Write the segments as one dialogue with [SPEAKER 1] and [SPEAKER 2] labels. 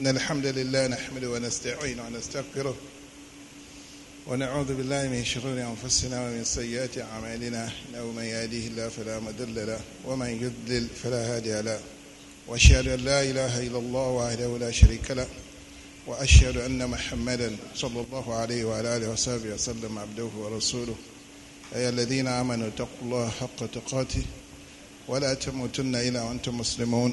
[SPEAKER 1] إن الحمد لله نحمده ونستعينه ونستغفره ونعوذ بالله من شرور أنفسنا ومن سيئات أعمالنا إنه من يهديه الله فلا مضل له ومن يضلل فلا هادي له وأشهد أن لا إله إلا الله وحده لا شريك له وأشهد أن محمدا صلى الله عليه وعلى آله وصحبه وسلم عبده ورسوله أي الذين آمنوا اتقوا الله حق تقاته ولا تموتن إلا وأنتم مسلمون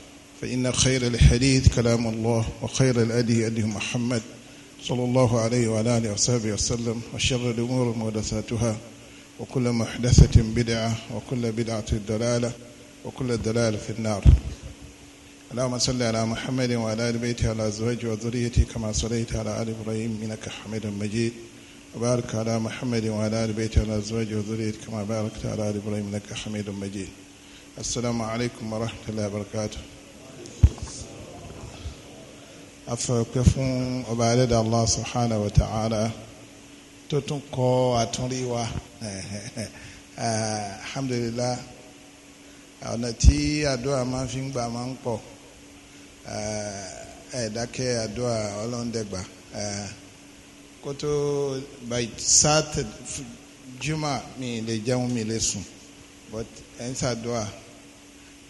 [SPEAKER 1] فإن خير الحديث كلام الله وخير الأدي أدي محمد صلى الله عليه وعلى آله وصحبه وسلم وشر الأمور محدثاتها وكل محدثة بدعة وكل بدعة دلالة وكل دلالة في النار اللهم صل على محمد وعلى آل بيته وعلى أزواجه وذريته كما صليت على آل إبراهيم إنك حميد مجيد وبارك على محمد وعلى آل بيته وعلى أزواجه وذريته كما باركت على آل إبراهيم إنك حميد مجيد السلام عليكم ورحمة الله وبركاته afẹ́pẹ́ fún ọba alẹ́dà Allah subhanahu wa ta'ala tó tún kọ́ àtúnrí wa
[SPEAKER 2] eh,
[SPEAKER 1] alhamdulillah ọ̀nà tí àdúrà máa fi ń gbà máa ń pọ̀ eh, ẹ̀ẹ́dákẹ́ àdúrà ọlọ́ndẹ̀gbà eh, kótó by Saturday juma mi lè jẹun mi lè sùn but ẹ̀ ń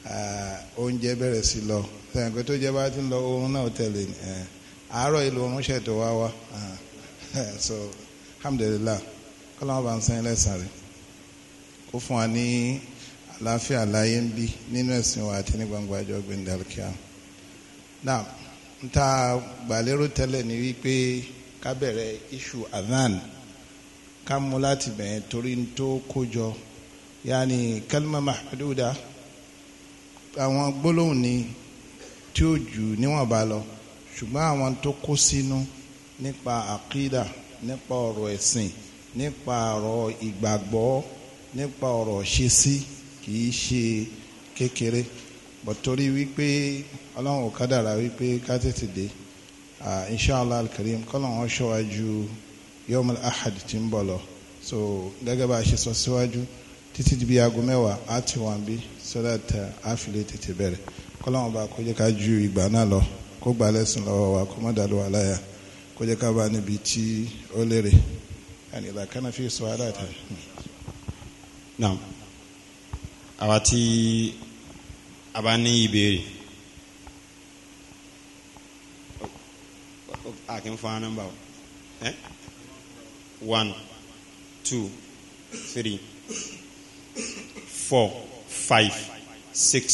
[SPEAKER 1] Eh, oúnjẹ bẹ̀rẹ̀ sí lọ tó jẹ́ bá ti ń lọ oorun náà tẹ̀lé eh, àárọ̀ ìlú eh, so bá ń sẹ́yìn lẹ́sàn-án rẹ̀ ó fún wa ní àlàáfíà láyé wa àti ní gbangba náà n ni wípé ká bẹ̀rẹ̀ iṣu adhan ká mú láti bẹ̀rẹ̀ torí tó kó jọ àwọn gbólóhùn ni tí ó jù níwọ̀nba lọ ṣùgbọ́n àwọn tó kó sínú nípa àkídà nípa ọ̀rọ̀ ẹ̀sìn nípa ọ̀rọ̀ ìgbàgbọ́ nípa ọ̀rọ̀ ṣesí kì í ṣe kékeré bọ̀tọ́rí wípé ọlọ́run ò kádàrà wípé ká tètè dé inshàlá alkarim kọ́lọ́run ṣọ́wájú yọmọl ahad tí ń bọ̀ lọ so gẹ́gẹ́ bá a ṣe sọ síwájú. So, Titi di bí aago mẹ́wàá á ti wà so that á uh, fi lè tètè bẹ̀rẹ̀ kọ́láwọn bá kó jẹ́ ju ìgbà náà lọ kó gbà lẹ́sìn lọ́wọ́ wa kó má dàlú wa láyà kó jẹ́ ká bá níbi tí ó lérè ẹni ìlà kánà fi sọ ta.
[SPEAKER 3] naam àwa tí a bá ní ìbéèrè a kì í fún wa nọ́mbà o eh? one two three four five six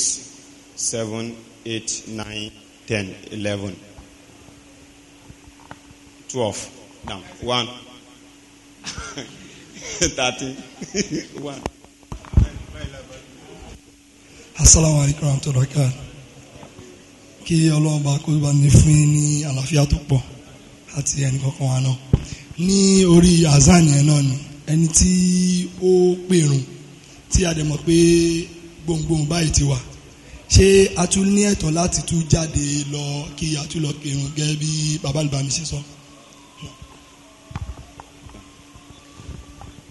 [SPEAKER 3] seven eight nine ten eleven twelve now one thirty one.
[SPEAKER 4] asalaamualeykum wa rahmatulahi wa barakatuh kí ọlọ́run bá kó bá ní fún ní àlàáfíà tó pọ̀ àti ẹnì kankan wa náà ní orí azan yẹn náà ni ẹni tí ó pèrún tí a dẹ̀ mọ̀ pé gbohùngbohùn báyìí ti wà ṣé a tún ní ẹ̀tọ́ láti tún jáde lọ kí a tún lọ kírun gẹ́gẹ́ bí bàbá àlùbámi ṣe sọ.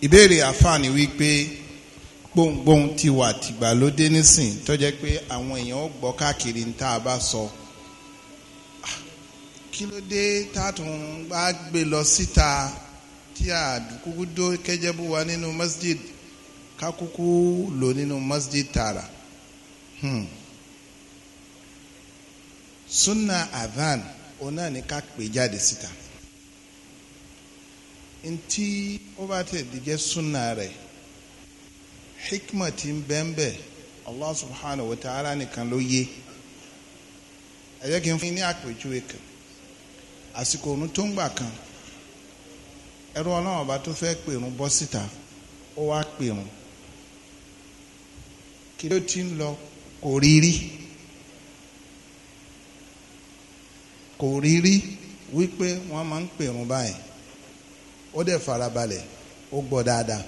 [SPEAKER 1] ìbéèrè àfààní wípé gbohùngbohùn ti wà tìgbàlódé nísìn tó jẹ́ pé àwọn èèyàn ó gbọ́ káàkiri ní tá a bá sọ kí ló dé tààtùn bá gbé lọ síta tí a kúkú dó kẹjẹ bú wa nínú masjid kakuku lò nínú masjid tààrà hmm. sunna adhan òun náà ni ká pè jáde síta ntí ó bá tẹ̀ díjẹ́ sunna rẹ̀ hikma ti allah subhanahu wa ta'ala nìkan ló yé ẹ jẹ́ kí n fún yín ní àpèjúwe kan àsìkò òun tó ń gbà kan ẹrú ọlọ́run ọba tó fẹ́ pèrún bọ́ síta ó wá pèrún kí ló ti ń lọ kò rí rí kò rí rí wípé wọ́n máa ń pèrún báyìí ó dẹ̀ farabalẹ̀ ó gbọ́ dáadáa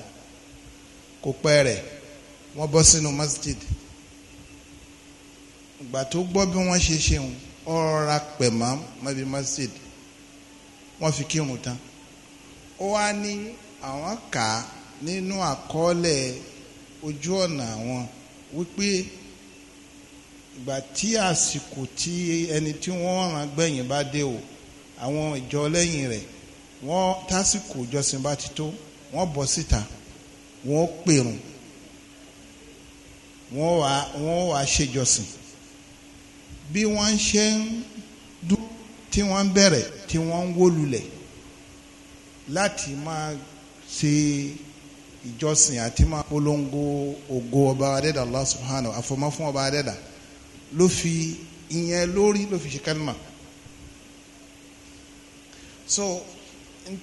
[SPEAKER 1] kò pẹ́ rẹ̀ wọ́n bọ́ sínú masjid ìgbà tó gbọ́ bí wọ́n ṣe ṣeun ọ̀rọ̀ pẹ̀ mọ́ mọ́bí masjid wọ́n fi kírun tán ó wá ní àwọn kà nínú àkọọ́lẹ̀ ojú ọ̀nà àwọn wípé ìgbà tí àsìkò tí ẹni tí wọ́n rán gbẹ̀yìn bá dé o àwọn ìjọ lẹ́yìn rẹ̀ wọ́n tásìkò ìjọsìn bá ti tó wọ́n bọ́ síta wọ́n pèrún wọ́n wá wọ́n wá ṣèjọsìn bí wọ́n ṣe ń dúró tí wọ́n bẹ̀rẹ̀ tí wọ́n ń wó lulẹ̀ láti máa ṣe ìjọsìn àti máa polongo ògo ọba adẹ́dà Allah subhanahu àfọmọ́ fún ọba adẹ́dà ló fi ìyẹn lórí ló fi ṣe kálímà so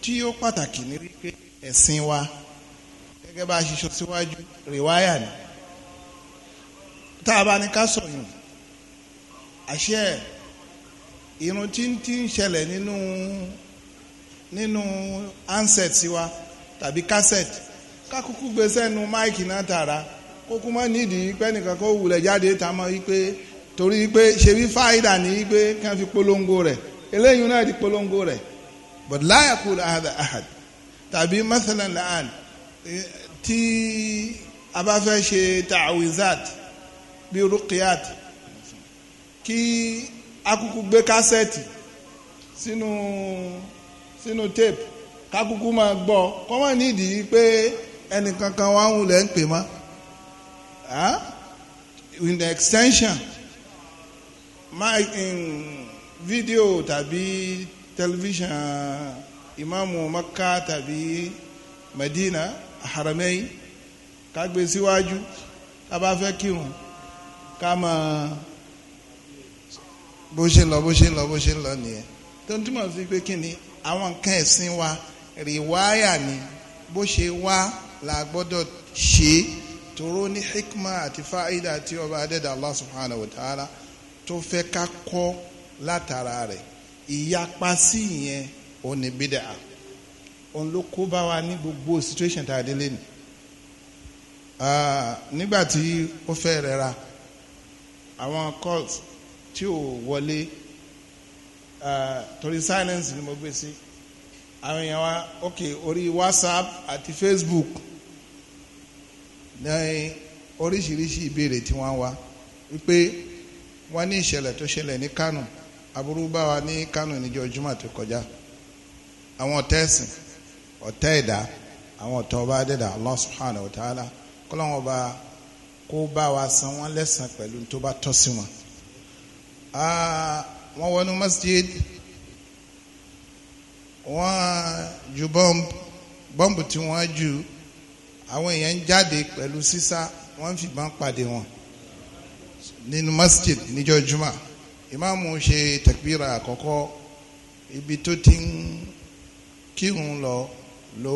[SPEAKER 1] tí ó pàtàkì ní wípé ẹ̀sìn wa gẹ́gẹ́ bá a ṣe sọ síwájú rìwáyà ni tá a bá ní ká sọ àṣẹ irun tí tí ń ṣẹlẹ̀ nínú nínú handset wa tàbí cassette kákúkú gbé sẹ́nu máìkì náà tààrà kókú mọ́ nídìí pé nìkan kó wulẹ̀ jáde ta mọ́ wípé torí wípé ṣe bí fáìdà ní wípé kí wọ́n fi polongo rẹ̀ eléyìí náà di polongo rẹ̀ but láyà kú ahad ahad tàbí masalan laan tí a bá fẹ́ ṣe ta'awizat bí ruqiyat kí akuku gbé kásẹ̀tì sínú tape kakuku máa gbọ́ kọ́mọ̀ nídìí pé ẹnìkankan wà ń wulẹ̀ ń pè mọ́ with the extension my video tàbí television, ìmáàmù uh, Makka tàbí Medina Haramain kagbe gbé síwájú ká bá fẹ́ kírun ká máa bó ṣe ń lọ bó ṣe ń lọ bó ṣe ń lọ nìyẹn tó ń túmọ̀ sí pé kí ni àwọn nǹkan ẹ̀sìn wa rìwáyà ni bó ṣe wá la gbọ́dọ̀ ṣe tóró ní hikma àti fáìdà tí ọba adẹ́dà Allah subhanahu wa ta'ala tó fẹ́ ká kọ́ látara rẹ̀ ìyapa sí ìyẹn òní bídà òun ló kó bá wa ní gbogbo situation tá a dé lé ni nígbà tí ó fẹ́ rẹra àwọn calls tí ò wọlé torí silence ni mo gbé sí. Si àwọn èèyàn wa ok orí whatsapp àti facebook ní oríṣiríṣi ìbéèrè tí wọ́n wá wípé wọ́n ní ìṣẹ̀lẹ̀ tó ṣẹlẹ̀ ní kánò aburú bá wa ní kánò níjọ́ jùmọ̀ tó kọjá àwọn ọ̀tá ẹ̀sìn ẹ̀dá àwọn ọ̀tá ọba adẹ́dà Allah subhanahu wa ta'ala kọ́lọ́wọ́n ọba kó bá wa san wọ́n lẹ́sàn pẹ̀lú tó bá tọ́ sí wọn. Ah, wọ́n wọnú masjid wọ́n ju bọ́ǹbù bọ́ǹbù tí wọ́n ju àwọn èèyàn ń jáde pẹ̀lú sísá wọ́n ń fìbọn pàdé wọn nínú masjid níjọ́ juma ìmáàmù ṣe tẹ̀kbíra àkọ́kọ́ ibi tó ti ń kírun lọ ló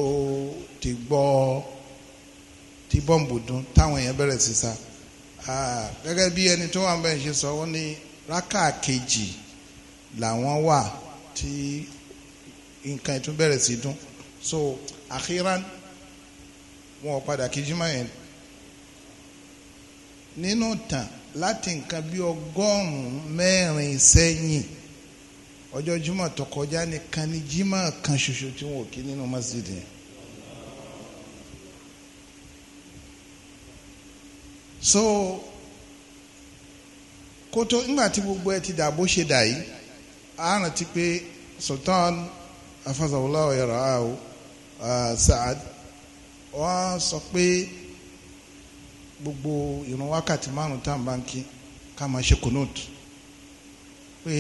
[SPEAKER 1] ti gbọ́ tí bọ́ǹbù dún táwọn èèyàn bẹ̀rẹ̀ sísá gẹ́gẹ́ bí ẹni tó wà ń bẹ̀ ṣe sọ wọ́n ní rákà kejì làwọn wà tí nǹkan ẹ̀ tún bẹ̀rẹ̀ sí dún so àkíran wọn ò padà kí jimá yẹn nínú tàn láti nǹkan bí ọgọ́rùn-ún mẹ́rin sẹ́yìn ọjọ́ jimá tó kọjá nìkan ni jimá kan ṣoṣo tí wọn ò kí nínú masjid yẹn. so kótó ńgbà tí gbogbo ẹ ti dà bó ṣe dà yìí a rántí pé sultan afazawula ọ̀yọ̀rọ̀ Saad wa sọ pé gbogbo ìrun wákàtí márùn tá à ń bá ń kí ká máa ṣe kunut pé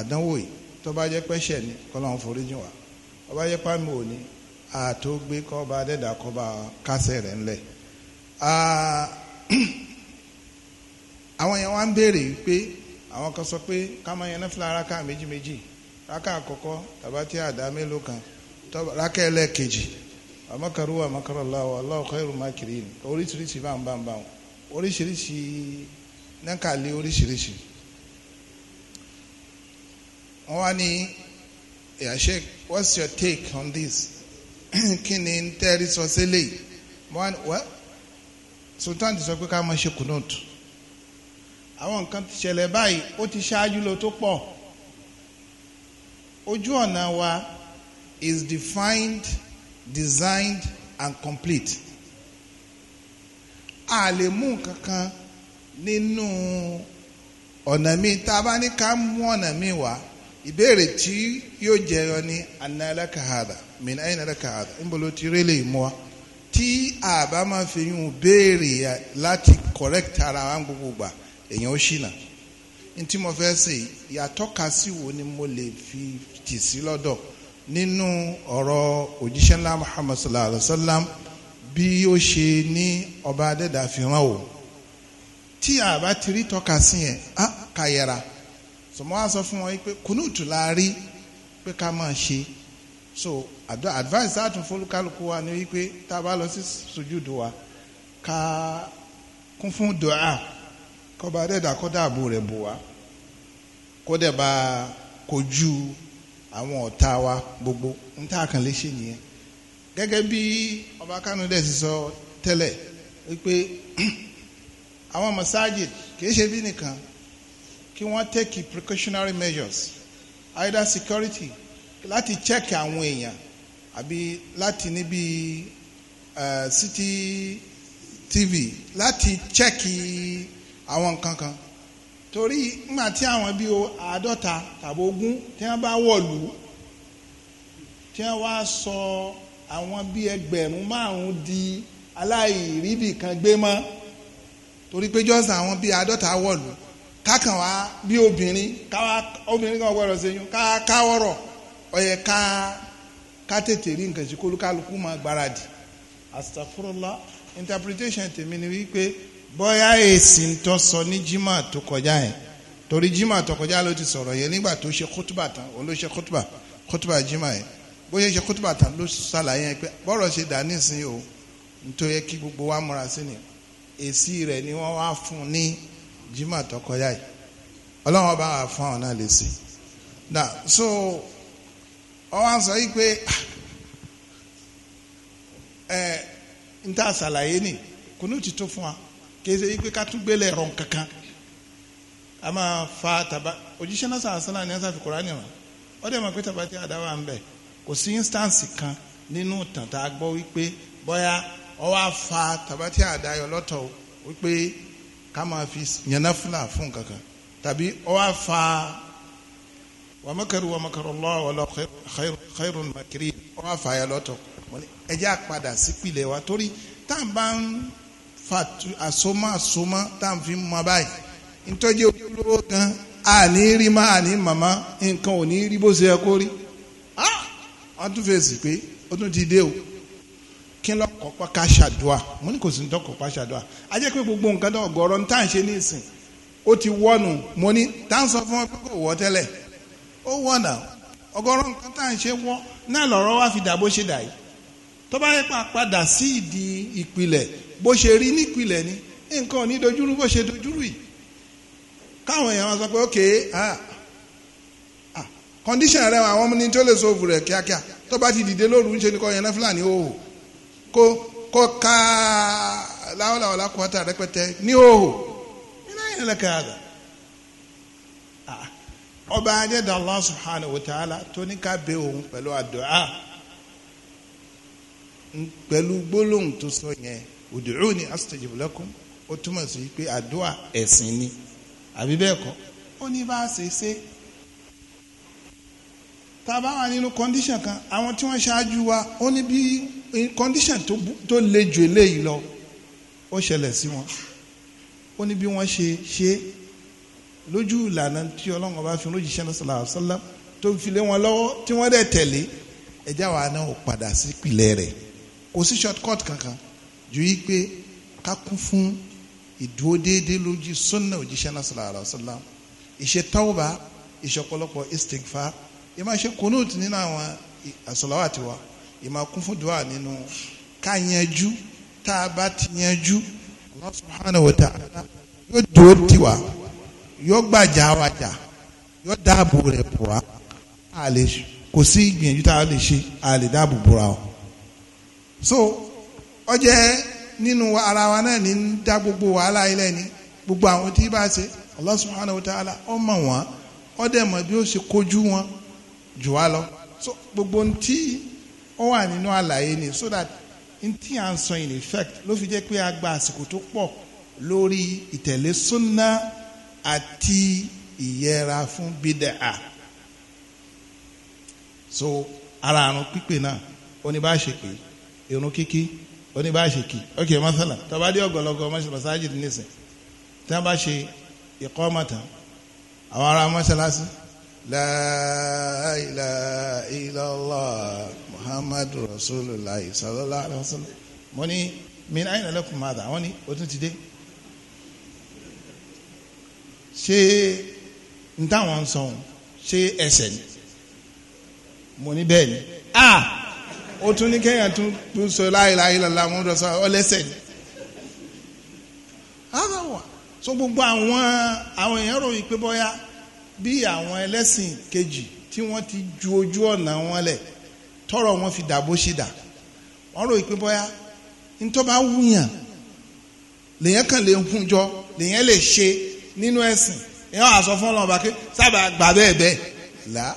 [SPEAKER 1] àdánwò yìí tó bá jẹ́ pẹ́ṣẹ̀ ni kọ́láwọn foríjì wá tó bá jẹ́ pàmì òní àtó gbé kọ́ba adẹ́dà kọ́ba kásẹ̀ rẹ̀ ńlẹ̀. àwọn yẹn wá ń béèrè pé àwọn kan sọ pé ká máa yẹn náà fúlàrà ká méjì rákà àkọ́kọ́ tàbá tí àdá mélòó kan rákà ẹlẹ́ẹ̀kejì àmọ́kàrú àmọ́kàrú aláwọ̀ aláwọ̀ khairu makirin oríṣiríṣi bá oríṣiríṣi nẹ́kàlẹ́ oríṣiríṣi. wọ́n wá ní yeah what's your take on this kí ni n tẹ́rí sọ sílẹ̀ wọ́n wá ní wẹ́ sultan ti sọ pé ká máa ṣe kùnúùtù àwọn nǹkan ti ṣẹlẹ̀ báyìí ó ti ṣáájú lọ tó pọ̀ ojú ọ̀nà wa is defined designed and complete a lè mú nǹkan kan nínú ọ̀nà mi tá a bá ní ká mú ọ̀nà mi wá ìbéèrè tí yóò jẹyọ ní analakahada mina ainalakahada níbo ló ti rí lè mú wa tí a bá máa fi yún béèrè láti correct ara wa gbogbo gbà èèyàn ó ṣìnà n tí mo fẹ́ ṣe yàtọ̀ sí wo ni mo lè fi tì sí lọ́dọ̀ nínú ọ̀rọ̀ òjíṣẹ́ ńlá Muhammad sallallahu alayhi wa sallam bí ó ṣe ní ọba adẹ́dà fi o tí a bá ti rí tọ́ka sí yẹn á ká yẹra sọmọ wa sọ fún wọn pé kùnúùtù la rí pé ká máa ṣe so advice láti fọlùkálùkù wa ni wípé tá a bá lọ sí sojúdo wa ká kún fún dùá kọba adẹ́dà kọ́ dáàbò rẹ̀ bò wá kó dẹ̀ bá kojú àwọn ọ̀tá wa gbogbo ń tá a kàn lè ṣe nìyẹn gẹ́gẹ́ bí ọba kánú dẹ̀ ti sọ tẹ́lẹ̀ wípé àwọn masajid kìí ṣe bí nìkan kí wọ́n take precautionary measures either security láti check àwọn èèyàn àbí láti níbi city tv láti check àwọn nǹkan kan. kan torí ńgbà tí àwọn bíi àádọ́ta tàbí ogún tí wọ́n bá wọ̀lú tí wọ́n wá sọ àwọn bíi ẹgbẹ̀rún márùn-ún di aláìríbì kan gbé mọ́ torí pé jọ́sìn àwọn bíi àádọ́ta wọ̀lú kákan wá bí obìnrin káwá obìnrin kan gbọ́dọ̀ ṣẹ́yún káwá káwọ́rọ̀ ọ̀yẹ̀ ká ká tètè rí nǹkan ṣe kólúkálukú máa gbáradì astagfurullah interpretation tèmi ni wípé bóyá èsì ń tọ́ sọ ní jimá tó kọjá yẹn torí jimá tó kọjá ló ti sọ̀rọ̀ yẹn nígbà tó ṣe kótóbà tán òun ló ṣe kótóbà kótóbà jimá yẹn bóyá ṣe kótóbà tán ló ṣàlàyé yẹn pé bọ́rọ̀ ṣe dà nísìnyí o nítorí kí gbogbo wa múra sí ni èsì rẹ̀ ni wọ́n wá fún ní jimá tó kọjá yìí ọlọ́wọ́n bá wà fún àwọn náà lè sè na so ọwọ́n sọ yìí pé ẹ n ta ṣàlàyé ni kò ní òtítọ́ fún wa. kése yìí pé ká tún gbélé kankan a fa taba òjíṣẹ́ náà sàn ni ní ẹ̀sàfi kúránì hàn ó dẹ̀ mọ̀ pé taba ti àdáwà ń bẹ̀ kò sí instance kan nínú tàǹtà gbọ́ wípé bóyá ọ fa taba ti àdáyọ lọ́tọ̀ wípé ká kama fi yànnà fúlà fún kankan tàbí ọ wá fa wàmọ́kẹ́rù wàmọ́kẹ́rù lọ́wọ́ wọlọ́ xẹ́rù makiri, ọ fa yà lọ́tọ̀ ẹjẹ́ àpadà sípìlẹ̀ wa torí tá à ń bá fatu àsomọ́ àsomọ́ tá à ń fi mọ báyìí ntọ́jú olówó kan àní rí má àní màmá nǹkan ò ní rí bó ṣe yẹ kó rí wọ́n tún fèsì pé ó tún ti dé o kí ló kọ́kọ́ ká ṣàdúà mo ní kò sí ní tọ́kọ̀ ká ṣàdúà a jẹ́ pé gbogbo nǹkan tó gọ̀ọ́rọ̀ ní tá à ń ṣe ní ìsìn ó ti wọ́nu mo ní tá à ń sọ fún wọn pé kò wọ́ tẹ́lẹ̀ ó wọ̀nà ọ̀gọ̀rọ̀ nǹkan tá à ń ṣe wọ́ náà lọ́rọ̀ wá fi dà bó ṣe dà yìí tó bá yẹ pa padà sí ìdí ìpìlẹ̀ bó ṣe rí nípìnlẹ̀ ni nǹkan ní dojúrú bó ṣe dojúrú yìí káwọn èèyàn sọ pé ok ah ah condition rẹ àwọn ọmọ ní tó lè sóòfù kíákíá tó bá ti dìde lóru ńṣe ni kò yẹn náà fúlàní ká láwọláwọ rẹpẹtẹ ní iná yẹn àgbà ọba òun gbólóhùn tó sọ yẹn. ud'uni astajib lakum ó túmọ̀ sí pé àdúrà ẹ̀sìn ni àbí bẹ́ẹ̀ kọ́ ó ní bá a ṣe ṣe tá a bá wà nínú kọ́ndíṣàn kan àwọn tí wọ́n ṣáájú wa ó ní bí kọ́ndíṣàn tó le jù eléyìí lọ ó ṣẹlẹ̀ sí wọn ó ní bí wọ́n ṣe ṣe lójú ìlànà tí ọlọ́run bá fi lójúṣẹ́ náà sallallahu alaihi tó fi lé wọn lọ́wọ́ tí wọ́n dẹ̀ tẹ̀lé ẹ̀já wa náà padà sí ìpìlẹ̀ rẹ̀ kò sí short cut kankan ju yí pé ká kún fún ìdúró déédéé lójú sunna òjíṣẹ́ náà sallallahu alaihi wasallam ìṣe tawba ìṣọ̀pọ̀lọpọ̀ istighfar ìmọ̀ ṣe kunut nínú àwọn àsọ̀làwà tiwa ìmọ̀ kún fún dùwà nínú ká yanjú tá ti yanjú Allah subhanahu wa ta'ala
[SPEAKER 2] yóò dúró tiwa
[SPEAKER 1] yóò gbàjà wa jà yóò dáàbò rẹ̀ bò wá kò sí ìgbìyànjú tá a lè ṣe a lè dáàbò bò o so ó jẹ́ nínú ara wa náà ní dá gbogbo wàhálà ilẹ̀ ni gbogbo àwọn tí bá ṣe Allah subhanahu wa ta'ala ó mọ̀ wọ́n ó dẹ̀ mọ̀ bí ó ṣe kojú wọn jù wá lọ so gbogbo ntí ó wà nínú àlàyé ni so that ntí à ń sọ in effect ló fi jẹ́ pé a gba àsìkò tó pọ̀ lórí ìtẹ̀lé súnná àti ìyẹra fún bídẹ́à so ara àrùn pípé náà oníbàṣepè irun kíkí oní bá ṣe kí ok masala tọba dé ọgọlọgọ masalasi nísìn tí wọn bá ṣe ìkọ́mọ̀tà àwọn ará masalasi la ilaha illallah muhammadu rasulullah sallallahu alaihi wasallam mo ní min ayna lakum madha àwọn ni o tún ti dé ṣé n táwọn sọ ṣé ẹsẹ̀ ni mo ní bẹ́ẹ̀ ni Ah! ó tún ní kéèyàn tún sọ láìláì lọ́la wọn lọ sọ ọlẹ́sẹ̀ ni. ádáwà so gbogbo àwọn àwọn èèyàn ròyìn pé bọ́yá bí àwọn ẹlẹ́sìn kejì tí wọ́n ti ju ojú ọ̀nà wọn lẹ̀ tọrọ wọn fi dà bó ṣe dà wọn ròyìn pé bọ́yá ntọ́ bá wúyàn lèyàn kàn lè hun jọ lèyàn lè ṣe nínú ẹ̀sìn èèyàn àsọ fún ọlọ́run sábà gbà bẹ́ẹ̀ bẹ́ẹ̀ là á.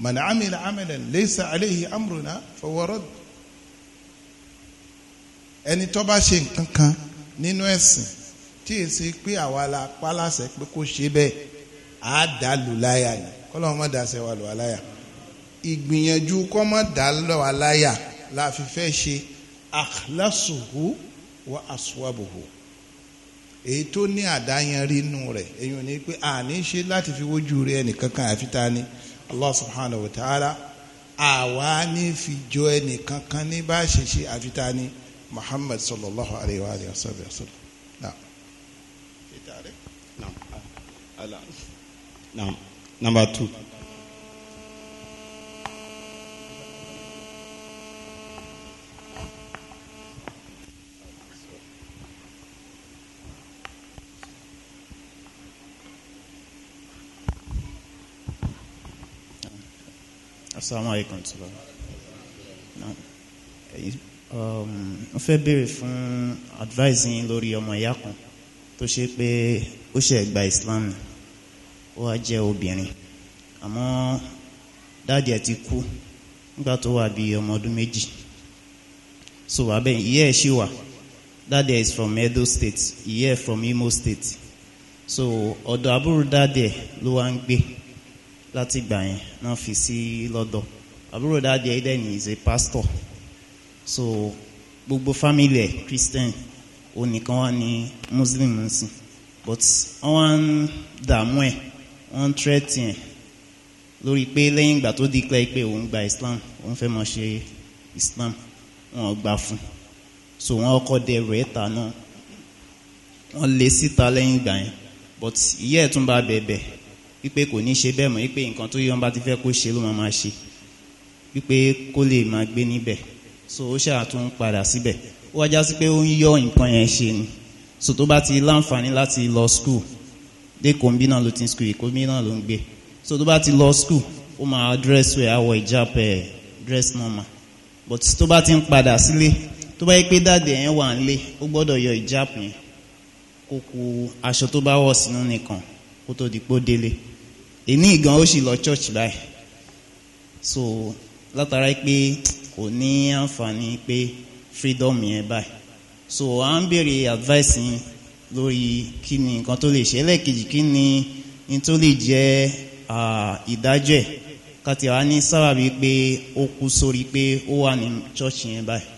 [SPEAKER 1] من عمل amalan ليس عليه amruna fahuwa radd ẹni tó bá ṣe nǹkan kan nínú ẹ̀sìn tí è ṣe pé àwa la pálásẹ̀ pé kó ṣe bẹ́ẹ̀ á dà lù láyà ni kọ́lọ́mọ má dàṣẹ wà lù wá láyà ìgbìyànjú kọ́ má dà lù wá láyà la fi fẹ́ ṣe akhlasuhu wa aswabuhu èyí tó ní àdáyanrí nù rẹ̀ èyí ò ní pé àní ṣe láti fi wójú rẹ̀ ẹnìkankan àfi ta ni allah subhanahu wa ta'ala àwa ní fi jọ ẹnì kankan ní bá ṣe ṣe àfitá ni muhammad sallallahu alayhi wa alihi wa
[SPEAKER 3] sallam naam. naam naam number two.
[SPEAKER 5] Assalamu alaikum tìlọ. Um, mo fẹ́ béèrè fún advice yín lórí ọmọ ìyá kan tó ṣe pé ó ṣe gba Islam ó wá jẹ́ obìnrin àmọ́ dáàdì ẹ̀ ti kú nígbà tó wà bí ọmọ ọdún méjì so abẹ́ ìyá ẹ̀ ṣì wà dáàdì ẹ̀ is from Edo State ìyá ẹ̀ from Imo State so ọ̀dọ̀ àbúrò dáàdì ẹ̀ ló wá ń gbé láti gbà yẹn náà fi sí lọ́dọ̀ àbúrò dáadé ẹ́dẹ́ni is a pastor so gbogbo family ẹ̀ christian òun nìkan wà ní muslim nsìn but wọ́n ń dààmú ẹ̀ wọ́n ń tírẹ́tì ẹ̀ lórí pé lẹ́yìn ìgbà tó declare pé òun gba islam òun fẹ́ mọ̀ ṣe islam wọn gbà fún so wọn kọ́ de ẹrù ẹ̀ta náà wọ́n lé síta lẹ́yìn ìgbà yẹn but ìyá ẹ̀ tún bá bẹ̀bẹ̀ wípé kò ní ṣe bẹ́ẹ̀ mọ́ wípé nǹkan tó yọ̀ǹba ti fẹ́ kó ṣe ló máa máa ṣe wípé kó lè máa gbé níbẹ̀ so ó ṣáà tún padà síbẹ̀ ó wájá sí pé ó ń yọ nǹkan yẹn ṣe ni so tó bá ti láǹfààní láti lọ school dé kòmbí náà ló ti ń school ìkòmbí náà ló ń gbé so tó bá ti lọ school ó máa dress wẹ̀ awọ ìjáp ẹ̀ dress normal but tó bá ti ń padà sílé tó bá yẹ pé dáàdì yẹn wà nílé ó gbọ́dọ̀ yọ ìjáp yẹn kó ku aṣọ tó bá wọ̀ sínú nìkan kó tó di pó délé èmi gan ó sì lọ church báyìí so látara pé kò ní àǹfààní pé freedom yẹn báyìí so à ń béèrè advice yín lórí kí ni nǹkan tó lè ṣe ẹlẹ́ẹ̀kejì kí ni n tó lè jẹ́ ìdájọ́ ẹ̀ káti wá ní sábàbí pé ó kú sórí pé ó wà ní church yẹn báyìí.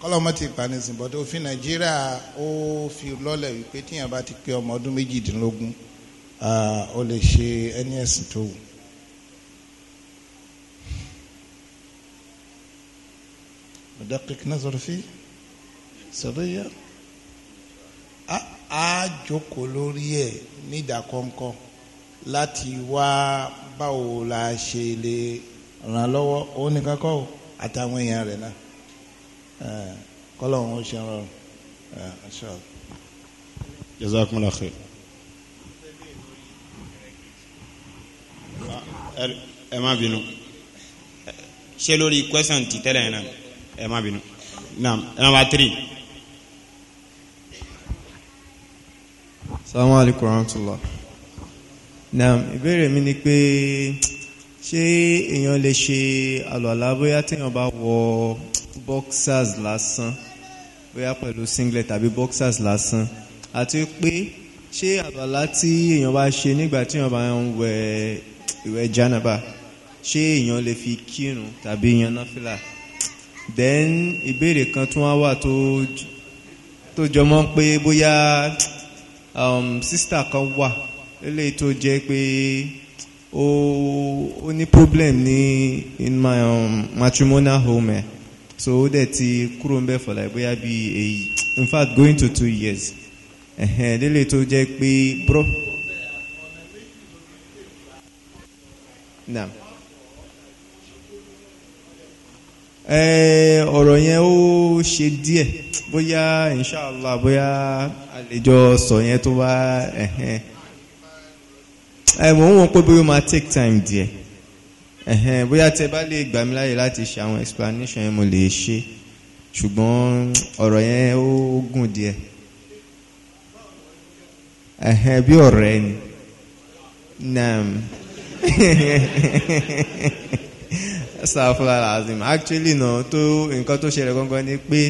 [SPEAKER 1] kọ́lọ́mọ́ ti pa ní sìnbọ̀ tó fi nàìjíríà ó fi lọ́lẹ̀ wípé tíyàn bá ti pé ọmọ ọdún méjìdínlógún ó lè ṣe ẹni ẹ̀sìn tó wù. mọ̀dákìkì náà sọ̀rọ̀ fi sọ̀rọ̀ yẹ á jókòó lórí ẹ̀ nídàkọ́ńkọ́ láti wá báwo la ṣe lè ràn lọ́wọ́ òun nìkan kọ́ àtàwọn èèyàn rẹ̀ náà
[SPEAKER 3] kọ́lọ́hún ó ṣe rọrùn. jazakumullah khair. Ah, ẹ má bínú ṣé lórí question ti tẹ́lẹ̀ yẹn náà ẹ má bínú naam number three. salamu
[SPEAKER 6] alaykum wa rahmatulah. naam ìbéèrè mi ni pé ṣé èèyàn lè ṣe àlọ́ àlá bóyá téèyàn bá wọ boxers lásán bóyá pẹ̀lú singlet tàbí boxers lásán àti pé ṣé àbàlá tí èèyàn bá ṣe nígbà tí èèyàn bá ń wẹ ìwẹ̀ jánaba ṣé èèyàn lè fi kírun tàbí yan náfìlà then ìbéèrè kan tún wá wà tó tó jọmọ́ pé bóyá um, sister kan wà eléyìí tó jẹ́ pé ó ó ní problem ní in my um, matrimonial home Eh so ó dẹ̀ ti kúrò ń bẹ̀ for bóyá bí èyí in fact going to two years ẹ̀hẹ̀n lélẹ̀ tó jẹ́ pé bro. Now. ọ̀rọ̀ yẹn ó ṣe díẹ̀ bóyá inṣàlá bóyá àlejò sọ yẹn tó bá ẹ̀hẹ́n mo ń wọ́n pé bóyá ó máa take time díẹ̀ ẹ̀hẹ́n bóyá tẹ bá lè gbà mí láyè láti ṣe àwọn explanation yẹn mo lè ṣe ṣùgbọ́n ọ̀rọ̀ yẹn ó gùn díẹ̀ ẹ̀hẹ́n bí ọ̀rẹ́ ni nam safla lazim actually na tó nǹkan tó ṣẹlẹ̀ gangan ni pé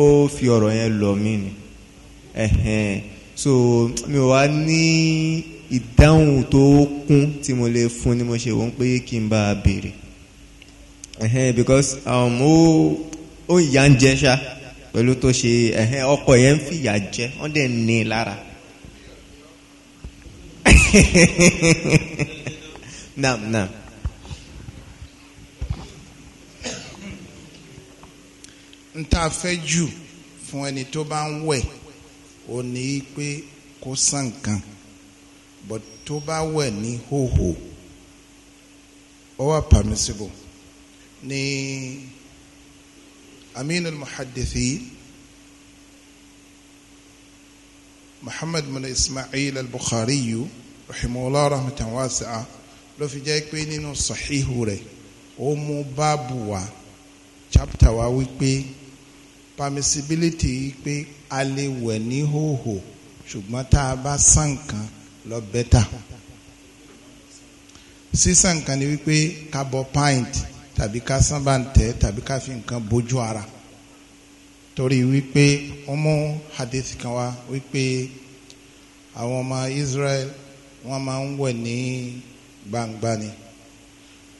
[SPEAKER 6] ó fi ọ̀rọ̀ yẹn lọ mí ni ẹ̀hẹ́n so mi ò wá ní. ìdáhùn tó kún tí mo lè fún ni mo ṣe wọ́n pé kí n bá a béèrè ẹ̀hẹ́n because o um, ó ìyá ń jẹ ṣá pẹ̀lú tó ṣe ẹ̀hẹ́n ọkọ yẹn ń fìyà jẹ wọ́n dẹ̀ ní i lára. naam naam.
[SPEAKER 1] n ta fẹ́ jù fún ẹni tó bá ń wẹ̀ ó ní í pé kó sàn kan. but tó bá wẹ̀ ní hóhò ó wà permissible ní aminul muhaddithi muhammad bin ismail al-bukhari rahimahullah rahmatan wasi'a ló fi jẹ́ pé nínú sàhíhù rẹ̀ ó mú báàbù wá chapter wá wípé permissibility pé a lè wẹ̀ ní hóhò ṣùgbọ́n tá a bá sàn kan lọ bẹ́tà sísan nǹkan ni wípé ká bọ pint tàbí ká sábà ń tẹ tàbí ká fi nǹkan bójú ara torí wípé wọ́n mú hadith kan wá wípé àwọn ọmọ Israel wọ́n máa ń wẹ̀ ní gbangba ni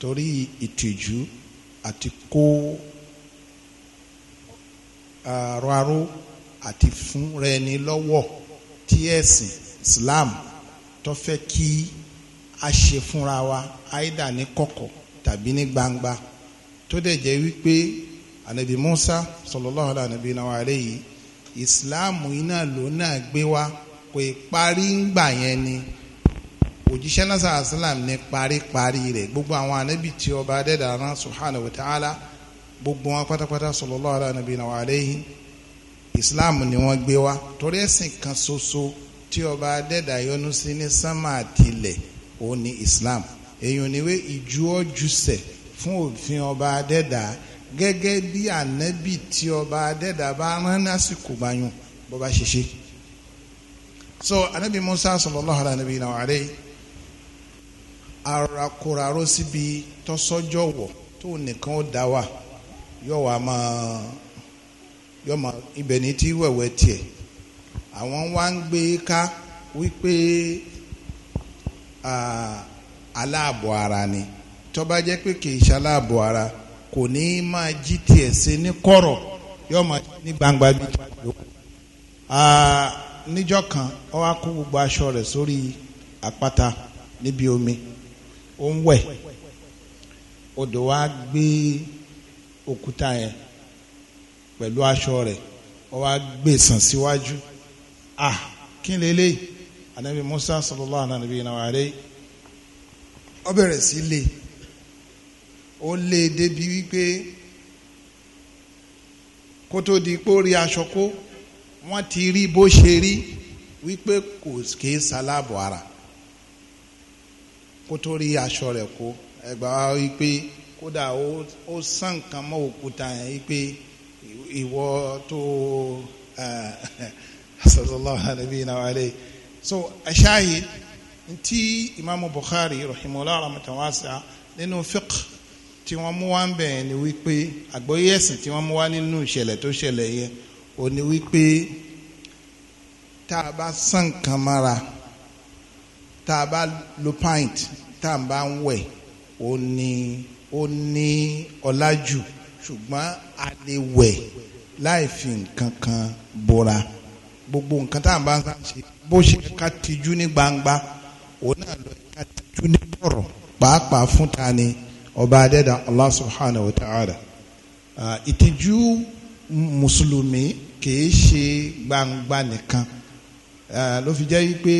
[SPEAKER 1] torí ìtìjú àti kó àrò àrò àti fún rẹ ní lọ́wọ́ tí ẹ̀sìn Islam tó fẹ́ kí a ṣe fúnra wa àìdá ní kọ̀kọ̀ tàbí ní gbangba tó dẹ̀ jẹ́ wípé anabi musa sallallahu alaihi wa alihi ìsìláàmù iná ló náà gbé wá kò parí ńgbà yẹn ni òjíṣẹ́ náà àsìlám ní paríparí rẹ̀ gbogbo àwọn anabi tí ọba adẹ́dàrán subhanahu wa ta'ala gbogbo wọn pátápátá sallallahu alaihi wa alihi ìsìláàmù ni wọ́n gbé wá torí ẹ̀sìn kan ṣoṣo. So -so tí ọba adẹ́dà yọ́nú sí ní sánmà àtìlẹ̀ òun ni Islam èèyàn níwé ìjú ọjúṣẹ̀ fún òfin ọba adẹ́dà gẹ́gẹ́ bí ànábì tí ọba adẹ́dà bá rán lásìkò gbayún bọ́ba ṣeṣe. so ànábì Musa sallallahu alaihi wa sallam arakoraro síbi tọ́sọ́jọ́wọ̀ tó nìkan ó dá wà yọ̀ wà máa yọ̀ máa ibẹ̀ ní tí wẹ̀wẹ̀ tiẹ̀. àwọn wá ń gbé ká wípé aláàbọ̀ ara ni tó bá jẹ́ pé kì í ṣaláàbọ̀ ara kò ní í máa jí tiẹ̀ ṣe ní kọ̀rọ̀ yóò máa ní gbangba bí yòókù níjọ́ kan ó wá kó gbogbo aṣọ rẹ̀ sórí àpáta níbi omi ó ń wẹ̀ odò wa gbé òkúta yẹn pẹ̀lú aṣọ rẹ̀ ó wá gbé e sàn síwájú. Si ah kí ni eléyìí anabi musa sallallahu alayhi wa alayhi ó bẹ̀rẹ̀ sí lé ó lé débi wípé di pé ó rí aṣọ kó wọ́n ti rí bó ṣe rí wípé kò kéé sálábọ̀ ara kó rí aṣọ rẹ̀ kó ẹgbàá wa wípé kódà ó sàn kan mọ́ òkúta yẹn wípé ìwọ sallallahu alayhi wa alayhi so aṣááyé ntí imaamu Bukhari rahimahullah rahmatan wasi'a nínú fiqh tí wọ́n mú wá ń bẹ̀ ni wípé àgbọ́yé ẹ̀sìn tí wọ́n mú wá nínú ìṣẹ̀lẹ̀ tó ṣẹlẹ̀ yẹn ò ní wípé tá a bá sàn kan mára tá a bá lo pint tá a bá ń wẹ̀ ó ní ó ní ọ̀làjù ṣùgbọ́n a lè wẹ̀ láì fi nǹkan kan bora gbogbo nǹkan tá à ń bá ń ṣe bó ṣe ká tijú ní gbangba òun náà lọ ká tijú ní bọ̀rọ̀ pàápàá fún ta ni ọba adẹ́dà Allah subhanahu wa ta'ala ìtijú mùsùlùmí kìí ṣe gbangba nìkan ló fi jẹ́ wípé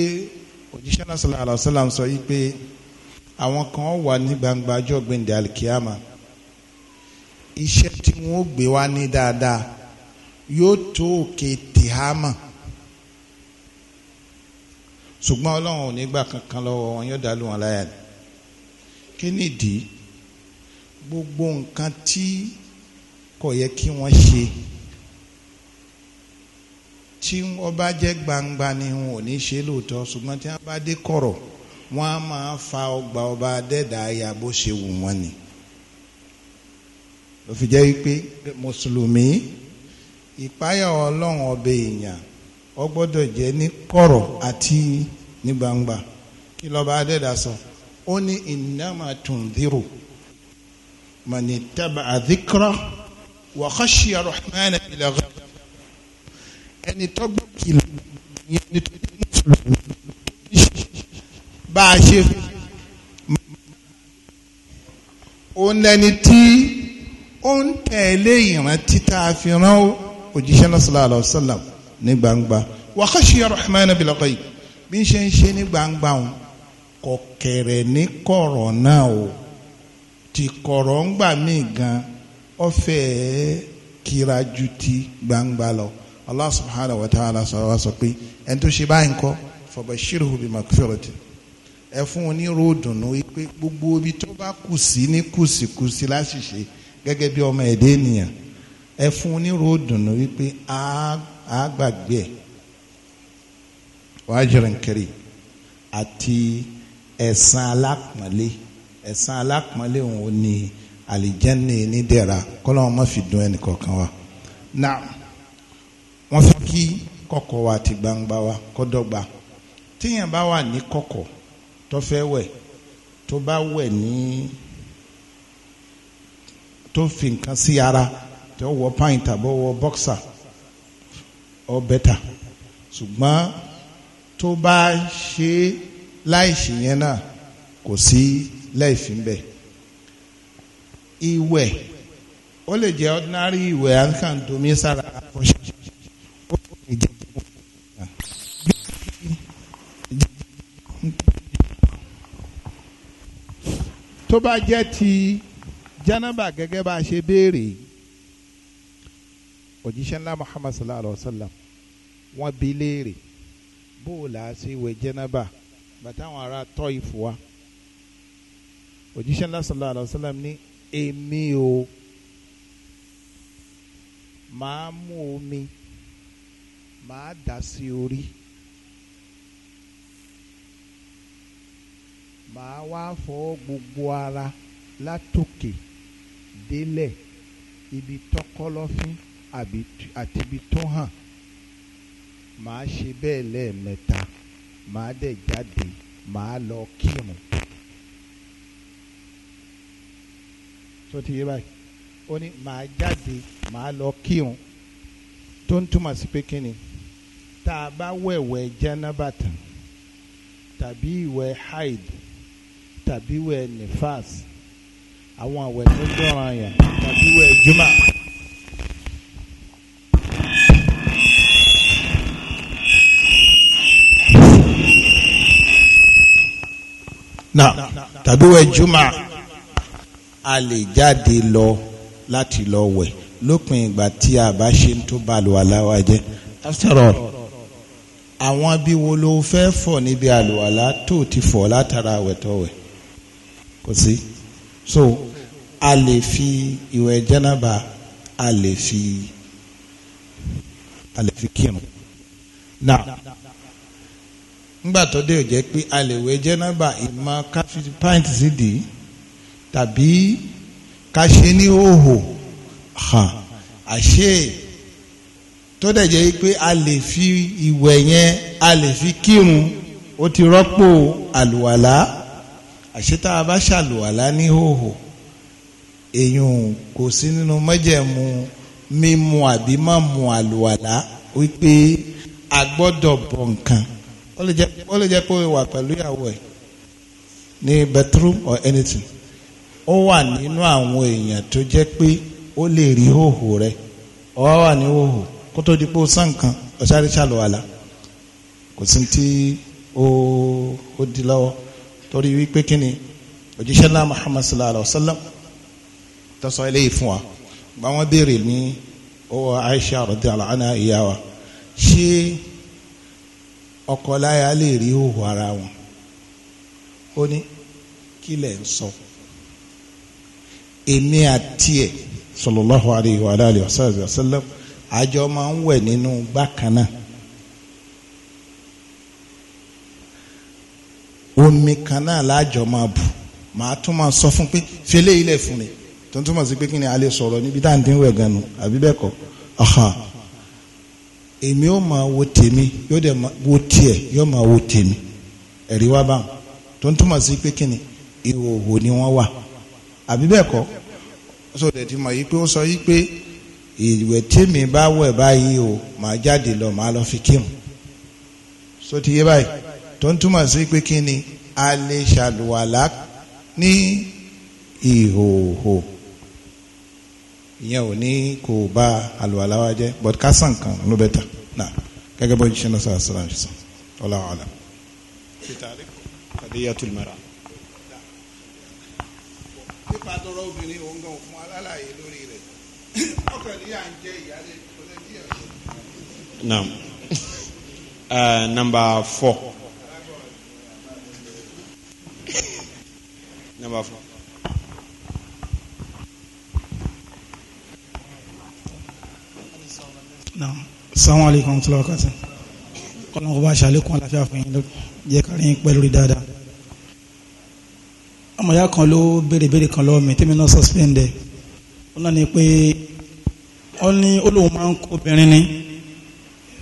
[SPEAKER 1] òjíṣẹ́ náà sallallahu alaihi wasallam sọ wípé àwọn kan wà ní gbangba ọjọ́ gbẹ̀ndẹ̀ alikiyama iṣẹ́ tí wọ́n gbé wá ní dáadáa yóò tó òkè tìhámà ṣùgbọ́n ọlọ́run ò ní gbà kankan lọ́wọ́ wọn yóò dálù wọn láyà ni kí nìdí gbogbo nǹkan tí kò yẹ kí wọ́n ṣe tí wọ́n bá jẹ́ gbangba ni wọn ò ní ṣe lóòótọ́ ṣùgbọ́n tí wọ́n bá dé kọ̀rọ̀ wọ́n á máa fa ọgbà ọba adẹ́dàá ya bó ṣe wù wọ́n ni ló fi jẹ́ wípé mùsùlùmí ìpáyà ọlọ́run ọbẹ̀ èèyàn ó gbọ́dọ̀ jẹ́ ní kọ̀rọ̀ àti ní gbangba kí lọ́ba adẹ́dà sọ ó ní innama tundhiru mani taba'a dhikra wa khashiya rahmana bil ghaib ẹni tó gbọ́ kìlọ̀ yẹn nítorí mùsùlùmí bá a ṣe fi òun lẹni tí ó ń tẹ̀lé ìrántí tá a fi rán òjíṣẹ́ náà sallallahu alaihi wasallam ní gbangba wa khashiya rahman bil ghaib bí n ṣe ń ṣe ní gbangba òun kò kéré ní kọ̀rọ̀ náà o ti kọ̀rọ̀ ń gbà mí gan ọ̀fẹ́ kíra ju ti gbangba lọ Allah subhanahu wa ta'ala sọ̀rọ̀ wa sọ pé ẹni tó ṣe báyìí kọ́ fabashirhu bi maghfirati ẹ fún un ní ròdùnú pé gbogbo ibi tó bá kù sí ní kùsìkùsì láṣìṣe gẹ́gẹ́ bí ọmọ ẹ̀dẹ́ ènìyàn ẹ fún un ní ròdùnú wípé a á gbàgbé ẹ̀ wàá jẹrìn kiri àti ẹ̀san alápọ̀nlé ẹ̀san alápọ̀nlé òun ni àlìjẹ́ni nídẹ̀ra kọ́lọ́wọ́n má fi dùn ẹnìkọ̀ọ̀kan wa na wọ́n fẹ́ kí kọ̀kọ̀ wa àti gbangba wa kó dọ́gba tíyẹn bá wà ní kọ̀kọ̀ tó fẹ́ wẹ̀ tó bá wẹ̀ ní tó fi nǹkan sí ara tó wọ pint àbọ̀wọ̀ bọ́ksà ọ bẹ́tà ṣùgbọ́n tó bá ṣe láìsí yẹn náà kò sí láìsí ń bẹ ìwẹ̀ ó lè jẹ́ ordinary ìwẹ̀ ankandomi sára
[SPEAKER 2] àkọsí ó lè jẹ́
[SPEAKER 1] tó bá jẹ́ ti janaba gẹ́gẹ́ bá a ṣe béèrè òjíṣẹ́ ńlá muhammad sallallahu alaihi wa sallam wọ́n bi léèrè bó o là á sí wẹ̀ jẹ́nẹ́bà bàtà àwọn ará tọ́ ìfò òjíṣẹ́ ńlá sallallahu alaihi wasallam ní èmi o màá mú omi màá dà sí orí màá wá fọ gbogbo ara látòkè délẹ̀ ibi tọ́kọ́lọ́fín àti ibi tó hàn màá ṣe bẹ́ẹ̀ lẹ́ẹ̀mẹ́ta màá dẹ̀ jáde màá lọ kírun. tó ti yé báyìí ó ní màá jáde màá lọ kírun tó ń túmọ̀ sí pé kíni tá a bá wẹ̀wẹ̀ jẹ́nàbàtàn tàbí ìwẹ̀ haid tàbí ìwẹ̀ nifas àwọn àwẹ̀ tó gbọ́ràn yẹn tàbí ìwẹ̀ jùmọ̀. náà tàbí wẹ̀ juma a lè jáde lọ láti lọ wẹ̀ lópin ìgbà tí a bá ṣe ń tó balùwàlá wa jẹ́ after all àwọn bí wo ló fẹ́ fọ̀ níbi àlùwàlá tó ti fọ̀ látara wẹ̀tọ̀wẹ̀ kò sí so a lè fi ìwẹ̀ jẹ́nàbà a lè fi a lè fi kírun now nígbà tó dé òjẹ́ pé a lè wẹ̀ jẹ́nàbà ìmọ̀ ká fi pint sídìí tàbí ká ṣe ní òhò àṣe tó dẹ̀ jẹ́ pé a lè fi ìwẹ̀ yẹn a lè fi kírun ó ti rọ́pò àlùwàlá àṣe tá a bá ṣàlùwàlá ní òhò èyàn kò sí nínú mọ́jẹ̀mú mímu àbí má àlùwàlá wípé a gbọ́dọ̀ bọ̀ nǹkan ó lè jẹ́ ó lè jẹ́ pé ó wà pẹ̀lú ìyàwó ẹ̀ ní bathroom or anything ó wà nínú àwọn èèyàn tó jẹ́ pé ó lè rí hòhò rẹ̀ ó wà ní hòhò kó tó di pé ó sàn nǹkan ọ̀sáré ṣàlùwàlà kò sí tí ó ó di lọ́wọ́ torí wípé kí ni òjíṣẹ́ ńlá Muhammad sallallahu alayhi wa sallam tó sọ eléyìí fún wa gba wọn béèrè ní ọwọ́ Aisha radiyallahu anha ìyá wa ṣé ọkọ láya lè rí òhò ara wọn ó ní kí lẹ̀ ń sọ èmi àti ẹ̀ sallallahu alayhi wa alihi wa sallam àjọ máa ń wẹ̀ nínú bákan náà omi kan náà láàjọ máa bù màá tún máa sọ fún pé fẹlẹ́ ilẹ̀ fún mi tó ń túmọ̀ sí pé kí ni a lè sọ̀rọ̀ níbi tá à ń dín wẹ̀ gan nu àbí bẹ́ẹ̀ kọ́ ọ̀hán èmi ó máa wo tèmi yóò dẹ̀ wo tiẹ̀ yóò máa wo tèmi ẹ̀rí wá bá tó ń túmọ̀ sí pé kíni ìhòòhò ni wọ́n wà àbí bẹ́ẹ̀ kọ́ sọ̀rọ̀ ẹ̀dí mọ̀ yìí pé ó sọ yìí pé ìwẹ̀ tèmi bá wẹ̀ báyìí o màá jáde lọ màá lọ fi kírun sọ ti yé báyìí tó ń túmọ̀ sí pé kíni a lè ṣàlùwàlá ní ìhòòhò ìyẹn ò ní kò bá àlùwàlá wa but ká sàn kan ló bẹ ta náà gẹ́gẹ́ bó ṣe ń lọ sọ̀rọ̀ sọ̀rọ̀ sọ̀rọ̀ ọ̀la nípa tọrọ obìnrin òun gan òkun alálàyé lórí rẹ̀ ọkàn ní à ń jẹ ìyáálé ọlẹ́bí ẹ̀.
[SPEAKER 3] naam uh, number four. number four.
[SPEAKER 4] sàwọn àlekàn tó lọ́wọ́ kàtà kọ́nà kó bá ṣàlékún àlàáfíà fún yín jẹ́ kárí yín pẹ́ lórí dáadáa. amọ̀yá kan ló béèrè béèrè kan lọ́wọ́ mi tèmi náà suspend ẹ̀ ó náà ní pé ó ní olóhùn máa ń kó obìnrin ni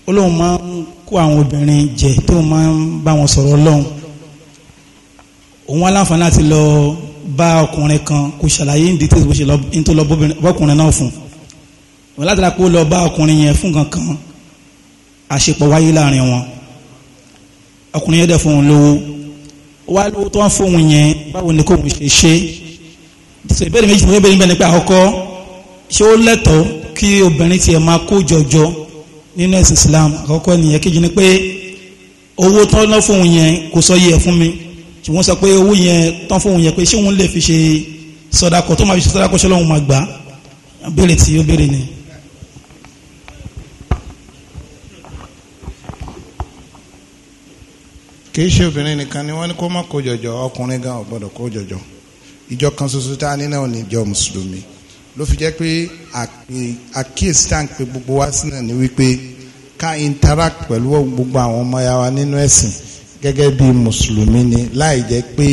[SPEAKER 4] olóhùn máa ń kó àwọn obìnrin jẹ tó máa ń bá wọn sọ̀rọ̀ lọ́hùn òun wá láǹfààní láti lọ bá ọkùnrin kan kò ṣàlàyé ní details bó ṣe lọ bọ́kùnrin náà fún un wọn látara kó lọ bá ọkùnrin yẹn fún kankan àṣepọ̀ wáyé láàrin wọn ọkùnrin yẹn dẹ̀ fún un lówó wá lówó tó ń fóun yẹn báwo ni kò ń ṣe ṣe ṣe ìbéèrè méjì fún ìbéèrè nípa àkọ́kọ́ ṣé ó lẹ́tọ̀ọ́ kí obìnrin tiẹ̀ máa kó jọjọ nínú ẹ̀sìn Islam àkọ́kọ́ nìyẹn kejì ni pé owó tó ń lọ fóun yẹn kò sọ yẹ fún mi ṣùgbọ́n sọ pé owó yẹn tán fóun yẹn pé ṣé òun lè fi ṣe sọdakọ tó máa fi ṣe sọdakọ ṣọlọ́run máa gbà á béèrè tí ó béèrè nìyẹn. kìí
[SPEAKER 1] ṣe obìnrin nìkan ni wọ́n ní kó má kó jọjọ ọkùnrin gan ò gbọ́dọ̀ kó jọjọ ìjọ kan ṣoṣo tá a ní náà ní ìjọ mùsùlùmí ló fi jẹ́ pé àkíyèsí tá à ń pe gbogbo wa sí náà ni wípé ká interact pẹ̀lú gbogbo àwọn ọmọ ya wa nínú ẹ̀sìn gẹ́gẹ́ bí mùsùlùmí ni láì jẹ́ pé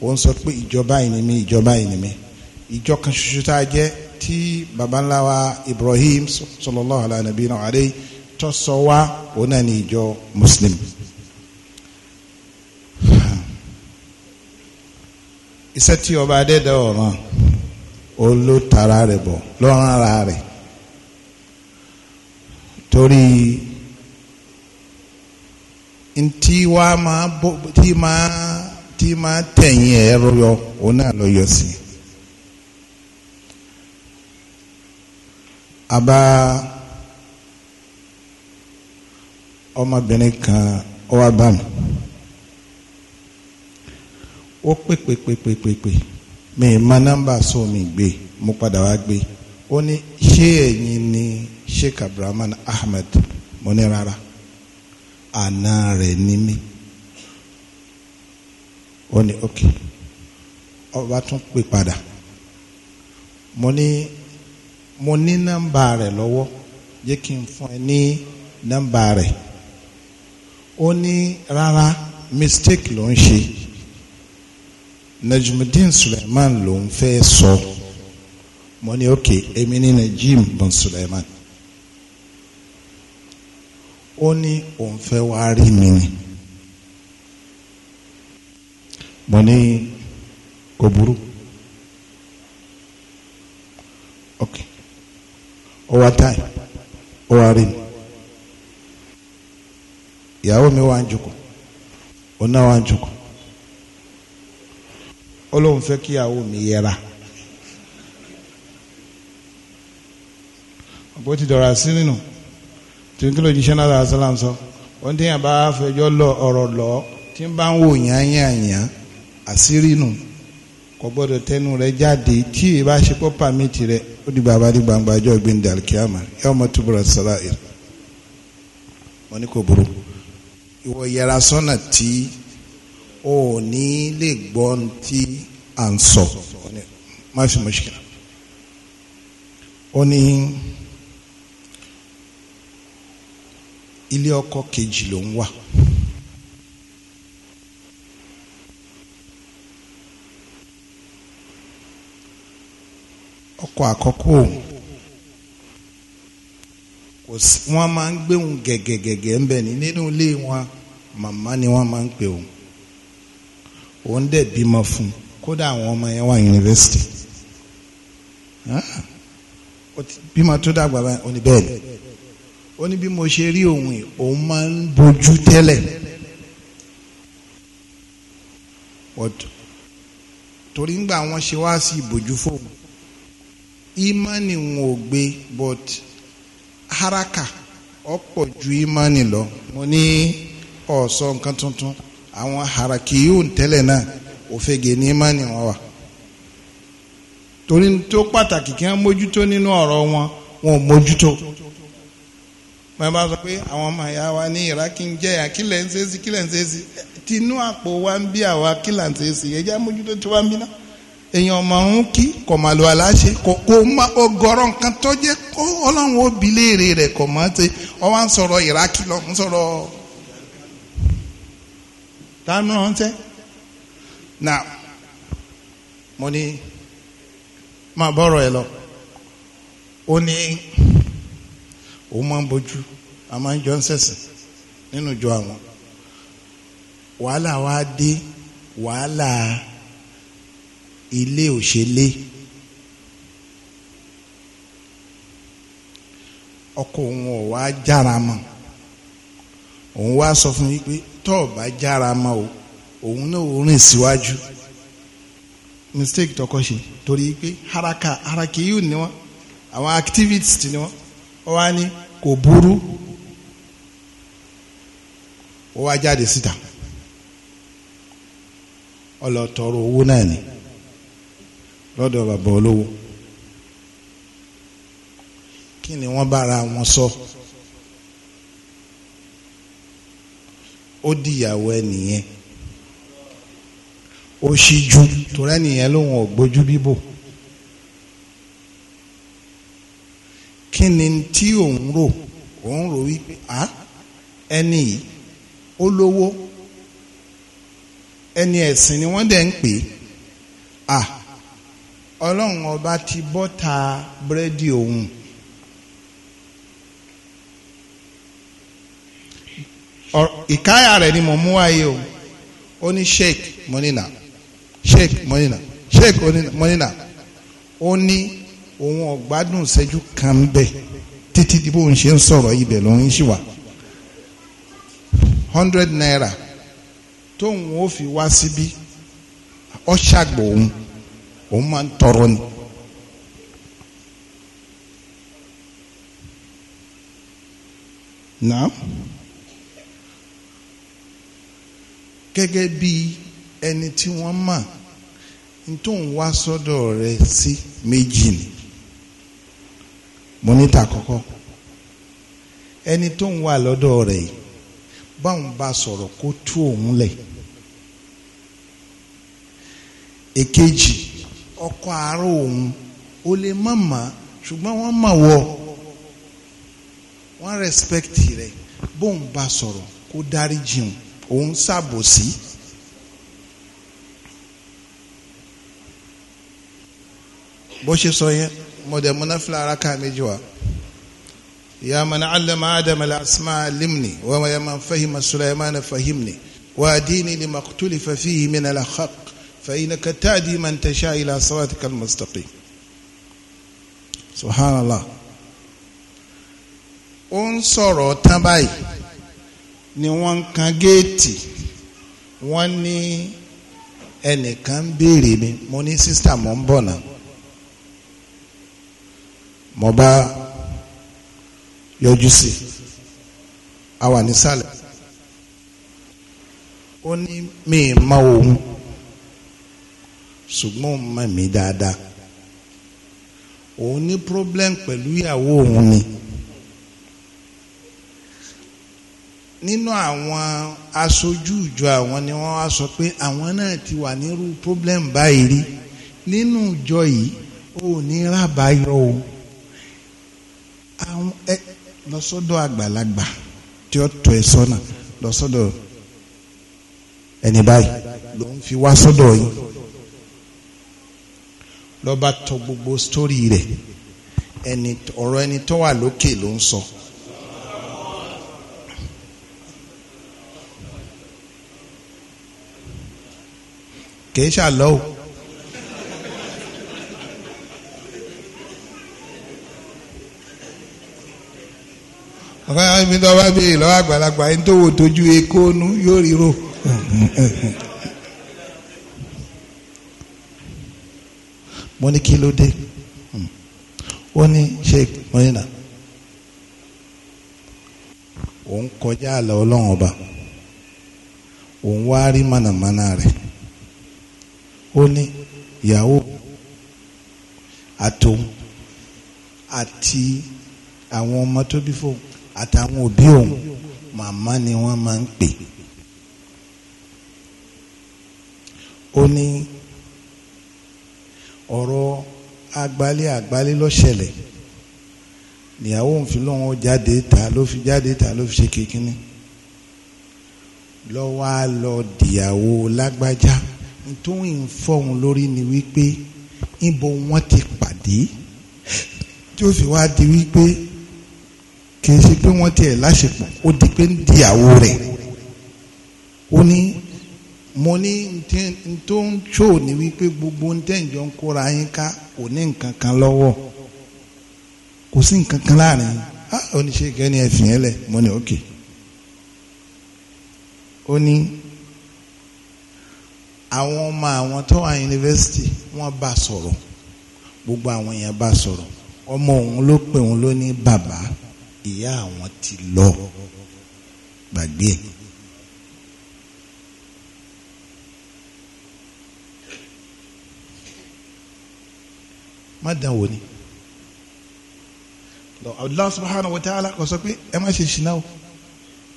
[SPEAKER 1] ó ń sọ pé ìjọba yìí ni mí ìjọba yìí ìjọ kan ṣoṣo tá a jẹ́ tí baba wa Ibrahim sallallahu alaihi wa sallam tó sọ wá òun náà ni ìjọ mùsùlùmí. iṣẹ́ tí ọba adẹ́dẹ́ ọ̀ràn O tara rẹ̀ bọ̀ lọ́rùn ara rẹ̀ torí ntí wa máa bó tí máa tí máa tẹ̀yìn ẹ̀ rọyọ òun náà sí. ọmọbìnrin kan bá mi. ó pèpèpèpèpèpè mi ma nọ́mbà so mi gbé mo padà wá gbé ó ní ṣé ẹ̀yin ni Sheikh Abdulrahman Ahmed mo ní rárá àna rẹ̀ ní mí ó ní ok ọba tún pè padà mo ní mo ní nọ́mbà rẹ̀ lọ́wọ́ jẹ́ kí n fún ẹ ní nọ́mbà rẹ̀ ó ní rárá mistake ló ń ṣe. Najmudeen Suleiman ló ń fẹ́ sọ mo ní ok èmi ní Najim bin Suleiman ó ní òun fẹ́ wá rí mi ni mo ní kò burú ok ó wá táì ó wá rí mi ìyàwó mi wá ń jókòó òun náà wá ń jókòó ọlọ́run fẹ́ kí ìyàwó mi yẹra. bó ti dọ̀rọ̀ sí nínú tí kí ló di sẹ́nà àdàlà sálàm sọ ohun tí yàn bá fẹjọ́ lọ ọ̀rọ̀ lọ tí ń bá ń wò yàn yàn yàn àṣírí nù kò gbọ́dọ̀ tẹnu rẹ̀ jáde tí ì bá ṣe kó pàmìtì rẹ̀ ó di bàbá di gbangba ọjọ́ gbẹ̀ndẹ̀ alikiyama yà ọmọ túbọ̀rọ̀ sọ̀rọ̀ ẹ̀ wọ́n ní kò burú ìwọ yẹra sọ́nà tí. ò ní lè gbọ́ tí à ń sọ má ó ní ilé ọkọ kejì ló ń wà. ọkọ àkọ́kọ́ òun kò máa ń gbé òun gẹ̀gẹ̀gẹ̀gẹ̀ ń bẹ̀ ní nínú ilé wọn màmá ni wọ́n máa ń pè òun. òun dẹ̀ ma fún kódà àwọn ọmọ yẹn wà yunifásitì bímọ tó dàgbà báyìí ó ní bẹ́ẹ̀ ó ní bí mo ṣe rí òun yìí òun máa ń bójú tẹ́lẹ̀ torí ńgbà wọn ṣe wá sí ìbòjú fóun ìmánì wọn ò gbé but haraka ọ̀pọ̀ ju ìmánì lọ mo ní ọ̀sọ́ nǹkan tuntun àwọn harakiyun tẹ́lẹ̀ náà òfegè ní mánì wọn wà torí tó pàtàkì kí wọ́n mójútó nínú ọ̀rọ̀ wọn wọn ò mójútó wọ́n bá sọ pé àwọn ọmọ ìyá wa ní iraki ń jẹ́yà kílẹ̀ ń ṣeéṣi kílẹ̀ ń tinú wa ń bí àwa ń mójútó tí bí náà èèyàn kí kò aláṣẹ kò nǹkan tó kó ó bi léèrè kò iraki lọ ń tá ń rántẹ́ na mo ní máa bọ́rọ̀ ẹ lọ ó ní òun máa ń bójú a máa ń jọ ń sẹ̀sìn nínú ìjọ àwọn wàhálà wa dé wàhálà ilé òṣèlé ọkọ òun ọ̀ wá jára mọ́ òun wá sọ fún yí pé tọ́ ọ bá jára ma o òun náà ò rìn síwájú mistake tọkọ ṣe torí pé haraka haraki yìí ni wọn àwọn activities ti ni wọn ó wá ní kò burú ó wá jáde síta ọlọtọrọ owó náà ni lọ́dọ̀ bàbá olówó kí ni wọ́n bára wọn sọ. So ó dìyàwó ẹnìyẹn ó ṣíjú torí ẹnìyẹn lòun ò gbójú bíbò kí ni tí òun rò òun rò wípé à ẹni yìí ó lówó ẹni ẹ̀sìn ni wọ́n dẹ̀ ń pè à ọlọ́run ọba ti bọ́ta búrẹ́dì òun. ìkáyà rẹ̀ ni mo mú o ó ní sheik monina sheik monina sheik monina ó ní òun ọ̀gbádùn ìṣẹ́jú kan títí di bó ń ṣe ń sọ̀rọ̀ ibẹ̀ ló ń ṣì wà naira tóun ó fi wá síbí ọ ṣàgbọ̀ òun òun máa ń tọrọ ni. gẹ́gẹ́ bí ẹni tí wọ́n mọ̀ tó ń wá sọ́dọ̀ rẹ sí méjì ni mo ní ta kọ́kọ́ ẹni tó ń wà lọ́dọ̀ rẹ̀ yìí báwọn bá sọ̀rọ̀ kó tú òun lẹ̀ èkejì ọkọ àárọ̀ òun ó lè má mà ṣùgbọ́n wọ́n mà wọ wọ́n rẹ́spẹ̀kìtì rẹ̀ bóun bá sọ̀rọ̀ kó dárí jìn òun ṣàbòsí. bó ṣe sọ yẹn mọ̀dẹ̀mọ́ná fúlára ká méjì wá. يا من علم آدم الأسماء علمني ويا من فهم سليمان فهمني وأديني لما اختلف فيه من الحق فإنك تهدي من تشاء إلى صراطك المستقيم سبحان الله ó ń sọ̀rọ̀ tán ni wọ́n ń kan géètì wọ́n ní ẹnìkan ń béèrè mi mo ní sísítà mo ń bọ̀ náà mo bá yọjú sí a wà nísàlẹ̀ ó ní mi ì òun ṣùgbọ́n mọ̀ mí dáadáa òun ní problem pẹ̀lú ìyàwó òun ni. Mm -hmm. nínú àwọn aṣojú ìjọ àwọn ni wọ́n wá sọ pé àwọn náà ti wà nírú problem báyìí rí nínú ìjọ yìí ò ní rábàáyọ o àwọn ẹ lọ sọ́dọ̀ àgbàlagbà tí ó tọ́ ẹ sọ́nà lọ sọ́dọ̀ ẹni báyìí ló ń fi wá sọ́dọ̀ yìí lọ́ba tọ gbogbo sítórì rẹ̀ ẹni ọ̀rọ̀ ẹni tó wà lókè ló ń sọ. So kìí ṣàlọ́ o. ọ̀gá yàrá mi tó bá béèrè lọ́wọ́ àgbàlagbà ẹni tó wò tójú ekónú yóò ríro. mo ní kí ló dé ó ní sheik mọ́nìlá òun kọjá àlọ́ ọlọ́run ọba òun wá rí mànàmáná rẹ̀ ó ní ìyàwó àtòun àti àwọn ọmọ tó bí fóun àtàwọn òbí òun màmá ni wọ́n máa ń pè ó ní ọ̀rọ̀ agbálẹ̀ agbálẹ̀ lọ́ṣẹlẹ̀ níyàwó òun fi lóun jáde ta ló fi jáde ta ló fi ṣe kékeré lọ́wọ́ á lọ dìyàwó lágbájá. La tó ń fọhùn lórí ni wípé níbo wọ́n ti pàdé tí ó fi wá di wípé kì í ṣe pé wọ́n tiẹ̀ láṣepọ̀ ó di pé ń di àwo rẹ̀ ó ní mo ní tó ń ṣò ní wípé gbogbo ń tẹ̀jọ́ ń kóra yín ká kò ní nǹkan kan lọ́wọ́ kò sí nǹkan kan láàrin oníṣègùn ah, ẹni ẹ̀sìn yẹn lẹ̀ mo ní òkè ó ní àwọn ọmọ àwọn tó wà yunifásitì wọ́n bá sọ̀rọ̀ gbogbo àwọn yẹn bá sọ̀rọ̀ ọmọ òun ló pè òun ló ní bàbá ìyá àwọn ti lọ gbàgbé ẹ̀. má dán wò ni Allah subhanahu wa ta'ala kò sọ pé ẹ má ṣe ṣìnà o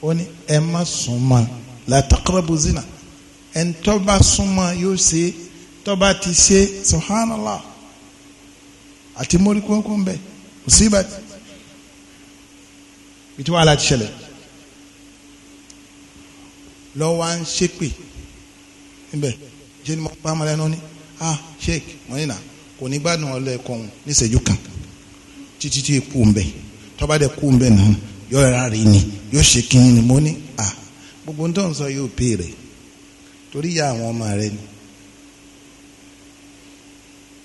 [SPEAKER 1] ó ní ẹ má sùn mọ́ la taqrabu zina ẹni tó bá súnmọ́ yóò ṣe tó bá ti ṣe subhanallah àti mórí kúnkún bẹ́ẹ̀ kò sí bá ìtú wàhálà ti ṣẹlẹ̀ lọ́wọ́ à ń ṣépè níbẹ̀ jẹ́ ni mo bá ọmọ lẹ́nu ah sheik mọ́nìyàn kò ní gbádùn ọlọ́ ẹ̀kọ́ òun níṣẹ́jú kan títí tí epo ń bẹ tọ́ba dẹ̀ kú ń bẹ nù yọ̀ọ́ rárẹ̀ ni yóò ṣe kí ni mo ní ah gbogbo ń tọ́ ń sọ yóò pè rẹ̀ torí ya àwọn ọmọ rẹ ni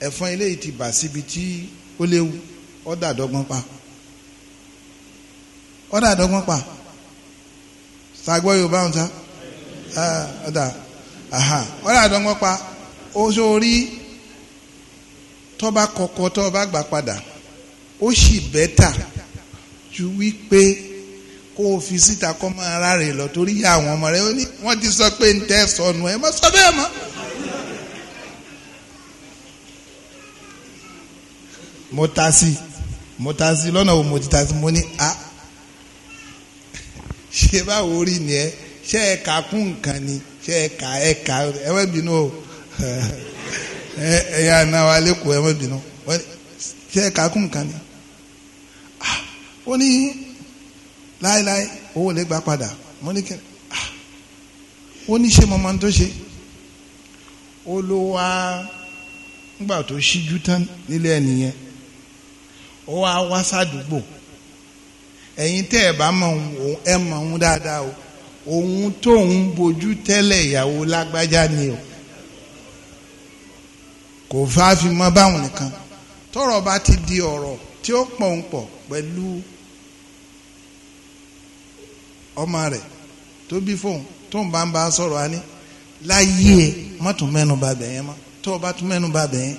[SPEAKER 1] ẹ̀fọn eléyìí ti bà síbi tí ó léwu ọ̀dà àdọ́gbọ́n pa ọ̀dà àdọ́gbọ́n pa sagbọ́ yorùbá ń ta ọ̀dà ọ̀dà àdọ́gbọ́n pa ó sórí tọ́ba kọ̀kọ́ tọ́ba gbà padà ó sì bẹ́tà ju wípé kó o fi síta kọ́ mọ́ ara rẹ̀ lọ torí yá àwọn ọmọ rẹ̀ ó ní wọ́n ti sọ pé ń tẹ́ sọnù ẹ̀ mọ́ sọ bẹ́ẹ̀ mọ́. mo ta sí mo ta sí lọ́nà wo mo ti ta sí mo ní a ṣe báwo rí ni ẹ ṣe ẹ kà kún nǹkan ni ṣe ẹ kà ẹ kà ẹ wọ́n bínú o ẹ ẹ yà náà wà lẹ́kọ̀ọ́ ẹ wọ́n bínú ṣe ẹ kà kún nǹkan ni ó ní láéláé owó lè gbà padà mo ní kí ah! ó ní ṣe mọ́mọ́ tó ṣe ó ló wá nígbà tó ṣíjú tán nílé ẹnìyẹn ó wá wá sádùúgbò ẹ̀yin tẹ́ ẹ̀ bá mọ̀ òun ẹ̀ mọ̀ òun dáadáa o òun tóun bójú tẹ́lẹ̀ ìyàwó lágbájá ni o kò fáá báwọn nìkan tọ́rọ̀ bá ti di ọ̀rọ̀ tí ó pọ̀ ń pọ̀ pẹ̀lú ọmọ rẹ̀ tó bí fóun tóun bá ń bá sọ̀rọ̀ á láyé ẹ e, má tún mẹ́nu bà bẹ̀ yẹn mọ́ tó o bá tún mẹ́nu bà bẹ̀ yẹn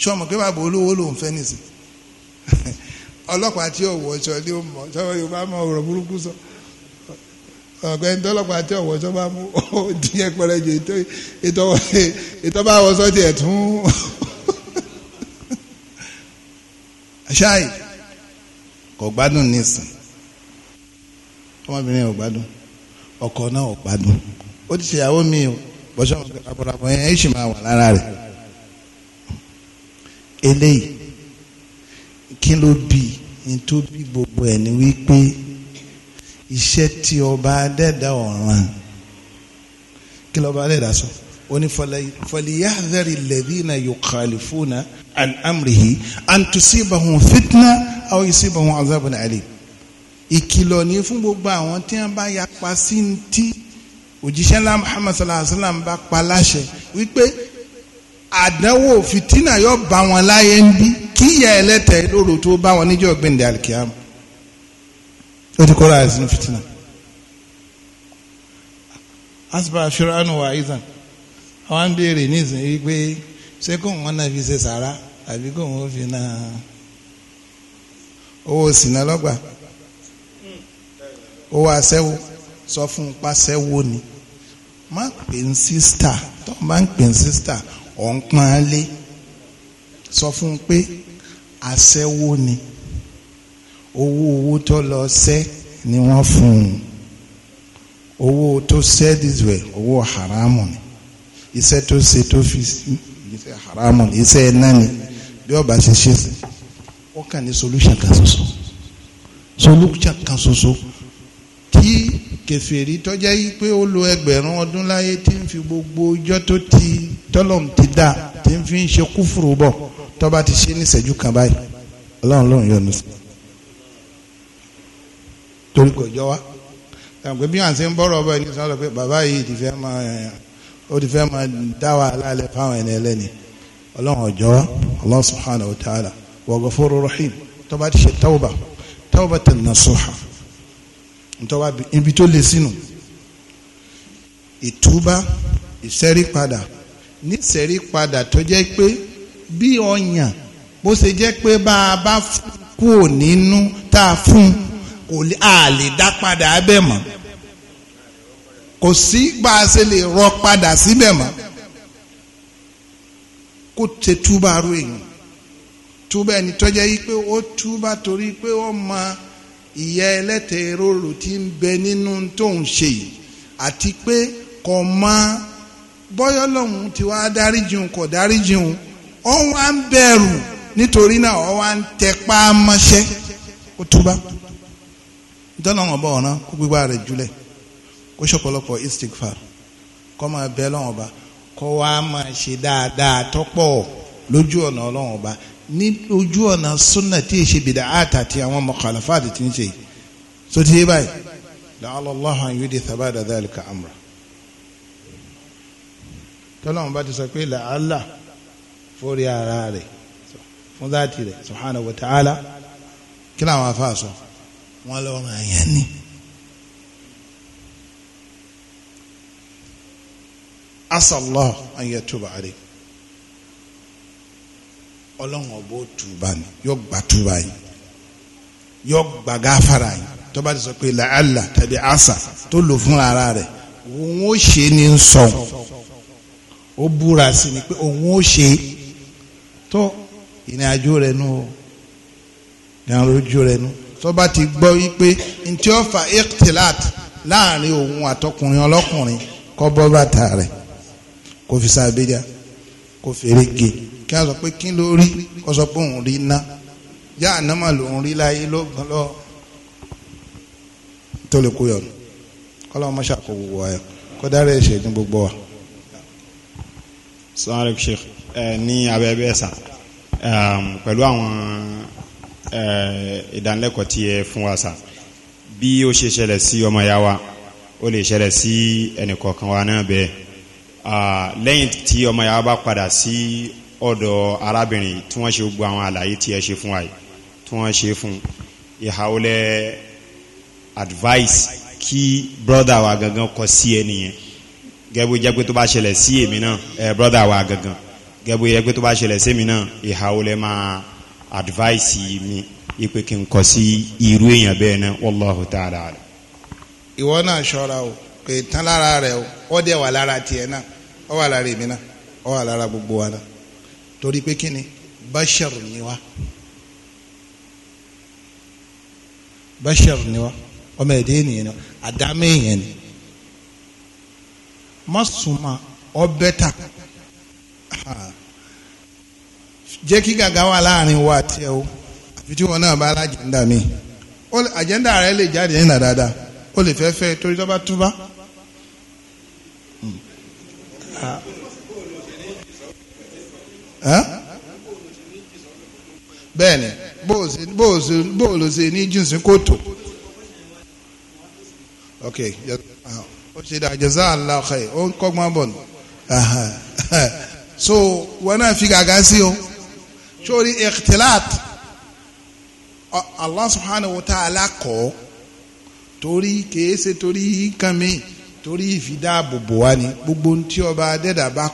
[SPEAKER 1] ṣé ọmọ pé bàbá olówó lòún fẹ́ nìsín ọlọ́pàá tí ò wọ ọṣọ ni ó mọ̀ sọ́wọ́ yorùbá mọ ọ̀rọ̀ burúkú sọ ọ̀gbẹ́ni tọ́lọ́pàá tí ò wọ ọṣọ bá mú ó di ẹpẹrẹ jù ètò bá wọ sọ́ọ̀tì ẹ̀ tún. ṣáì kò gbádùn nìsín ọmọbìnrin yẹn ò gbádùn ọkọ náà ò gbádùn ó ti ṣèyàwó mi o bọ́sọ̀ àpọ̀lọpọ̀ yẹn èsì máa wà lára rẹ̀ eléyìí kí ló bí ní tó bí gbogbo ẹ̀ ni wípé iṣẹ́ tí ọba adẹ́dá ọ̀ràn kí lọ́ba adẹ́dá sọ ó ní fọlíyáhàdẹ́rì lẹ́dínà yòókàlìfúnà an amrihi an tusibahun fitna aw yusibahun azabun alim ìkìlọ̀ ní fún gbogbo àwọn tí wọ́n bá yapa sí ti òjíṣẹ́ ńlá Muhammad sallallahu alayhi wa sallam bá pa láṣẹ wípé àdánwò fìtínà yóò bá wọn láyé ń bí kí ìyà ẹlẹ́tẹ̀ lóru tó bá wọn níjọ́ gbẹ̀ndẹ̀ alikiyama ó ti kọ́ra ẹ̀ sínú fìtínà. asba asuranu wa izan àwọn ń béèrè nísìnyí wípé ṣé kò wọn náà fi ṣe sàrà àbí kò wọn fi náà owó sìnà lọ́gbàá ó wá sẹ́wó sọ fún un pa sẹ́wó ni má pè ń sísítà tó má ń pè ń sísítà ọ̀ ń pọ́n á sọ fún un pé aṣẹ́wó ni owó owó tó lọ sẹ́ ni wọ́n fún un owó tó sẹ́ dìzùẹ̀ owó haramu ni iṣẹ́ tó ṣe tó fi iṣẹ́ haramu ni iṣẹ́ iná ni bí ọba ṣe ṣe ó kàn ní solution kan ṣoṣo solution kan ṣoṣo kèfèrí tọ́já yìí pé ó lo ẹgbẹ̀rún ọdún láyé tí ń fi gbogbo ọjọ́ tó ti tọ́lọ̀ ti dà tí ń fi ń ṣe kúfùrù bọ̀ tọ́ba ti ṣe níṣẹ́jú kan báyìí ọlọ́run lòun yọ̀ nùsùn torí kò jọ wá pé bí wọn ṣe ń bọ̀rọ̀ ọba ẹni sọ́dọ̀ pé bàbá yìí ti fẹ́ máa ó ti fẹ́ máa dá wàhálà lẹ fáwọn ẹni ẹlẹ́ni ọlọ́run ọ̀jọ́ wa Allah subhanahu wa ta'ala wa rahim tọ́ba ti ṣe tawba tawbatan nasuha ntọ́wá ibi tó le sínú ìtúbá ìsẹ́rípadà nísẹ̀rípadà tó jẹ́ pé bí ọyàn bó ṣe jẹ́ pé bá a bá kúrò nínú tá a fún kò a lè dá padà abẹ́ mọ́ kò sí bá a ṣe lè rọ padà síbẹ̀ mọ́ kó ṣe túbà ro èèyàn túbà ẹni tó yí pé ó túbà torí pé ó máa ìyá ẹlẹ́tẹ̀ rorò tí ń bẹ nínú tó ń ṣe yìí àti pé kò mọ bọ́yọ́ lọ́hùn tí wàá dárí jùn kò dárí jùn ó wá ń bẹ̀rù nítorí náà ó wá ń tẹpá mọ́ṣẹ́ ó túbá nítorí àwọn ọba ọ̀nà kó gbígbá rẹ̀ jùlẹ̀ kó ṣọ̀pọ̀lọpọ̀ istikfar kó máa bẹ lọ́wọ́n ọba kó wá máa ṣe dáadáa tọ́pọ̀ lójú ọ̀nà ọlọ́wọ́n ọba ní ojú ọ̀nà súnà tí èṣe bìdà àtà àti àwọn mọ̀kàlàfà àti tí ń ṣe so ti yé báyìí la'ala Allahu an yuhditha ba'da dhalika amra tọ́lọ́mù bá ti sọ pé làálà fórí ara rẹ̀ fún dáàtì rẹ̀ subhanahu wa ta'ala kí làwọn afa sọ wọn lọ́rùn àyàn ni. asàlọ́ an yatuba alayhi ọlọ́run ọ̀bọ tuba ni yóò gba tuba yìí yóò gba gáfara yìí tó bá ti sọ pé làálà tàbí àṣà tó lò fún ara rẹ̀ òun ó ṣe ni ń sọ ó búra sí ni pé òun ó ṣe tó ìrìn àjò rẹ̀ nù o ìrìn àjò rẹ̀ nù tó ti gbọ́ wípé ntí ó fa ikhtilat láàrin òun àtọkùnrin ọlọ́kùnrin kọ́ bọ́ bàtà rẹ̀ kó fi sábẹ́jà kó fèrè gé kí a sọ pé kí ló rí kó sọ pé òun rí ná yá ànámà lòun rí láyé lọ́gbọ̀n lọ
[SPEAKER 3] tó lè kó yọnu kọ́lá ọmọ ṣàkó gbogbo ayọ̀ kó dára ẹ̀ṣẹ̀ ní gbogbo wa. sọ́wọ́n alẹ́ Sheikh ẹ ní abẹ́ bẹ́ẹ̀ sà um, pẹ̀lú àwọn ìdánilẹ́kọ̀ọ́ tí ẹ fún wa sà bí ó ṣe ṣẹlẹ̀ sí ọmọ ìyá wa ó lè ṣẹlẹ̀ sí ẹnìkọ̀ọ̀kan wa náà bẹ́ẹ̀ lẹ́yìn tí ọmọ ìyá wa bá padà sí ọ̀dọ̀ arábìnrin tí wọ́n ṣe gbogbo àwọn àlàyé tí ẹ ṣe fún wa tí wọ́n ṣe fún ìhàwọlẹ̀ advice kí brother wa gangan kọ sí ẹ nìyẹn gẹ́gbó jẹ́ pé tó bá ṣẹlẹ̀ sí èmi wa gangan jẹ́ pé tó bá ṣẹlẹ̀ sí èmi náà ìhàwọlẹ̀ advice mi ipe kí n kọ sí irú èèyàn bẹ́ẹ̀ náà wallahu
[SPEAKER 1] ìwọ náà o pé tán rẹ o ọ wà lára náà wà lára èmi gbogbo wa náà. torí pé kí ni bashar ni wa bashar ni wa ọmọ ẹ̀dá ènìyàn ni wa àdámé èèyàn ni má súnmọ́ ọbẹ̀ tà jẹ́ kí gàgà wà láàrin wa àti ẹ̀ o àfi tí wọn náà bá lájẹ̀ndà mi àjẹ́ndà rẹ lè jáde nínà dáadáa ó lè fẹ́ fẹ́ torí tó bá túbá. Hmm bẹ́ẹ̀ni bóòlù ṣe ní jùsùn kò tó ok ó ṣe dá jazakallahu khair ó ń kọ́gbọ́n bọ̀ nù so wọn náà fi gàgà sí o sórí ikhtilat Allah subhanahu wa ta'ala kọ́ torí kìí ṣe torí nǹkan mi torí ìfidáàbòbò wa ni gbogbo ohun tí ọba adẹ́dàá bá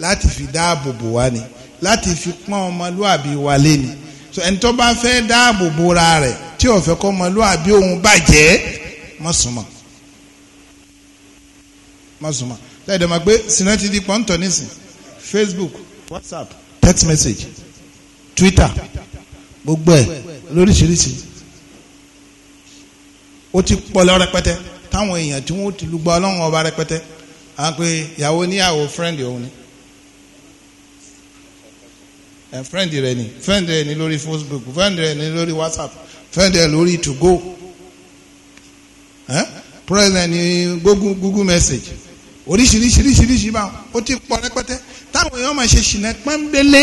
[SPEAKER 1] láti fi dáàbòbò wa ni láti fi pọ́n ọmọlúàbí wa léni so ẹni tó bá fẹ́ dáàbò bora rẹ̀ tí ò fẹ́ kọ́ ọmọlúàbí òun bàjẹ́ mọ̀sùmọ̀ mọ̀sùmọ̀ lẹ́yìn dẹ̀mọ̀ pé sinna ti di pọ́ńtọ̀ nísìn Facebook WhatsApp text message Twitter gbogbo ẹ̀ lóríṣiríṣi ó ti pọ̀ lọ rẹpẹtẹ táwọn èèyàn tí wọ́n ti lùgbọ́ ọlọ́run ọba rẹpẹtẹ àwọn pé ìyàwó níyàwó friend òun ni ẹ eh, friend rẹ ni friend rẹ ni lórí Facebook friend rẹ ni lórí WhatsApp friend rẹ lórí to go eh? president ni Google Google message oríṣiríṣiríṣiríṣi bá ó ti pọ̀ rẹpẹtẹ táwọn èèyàn máa ṣe ṣìnà pọ́nbélé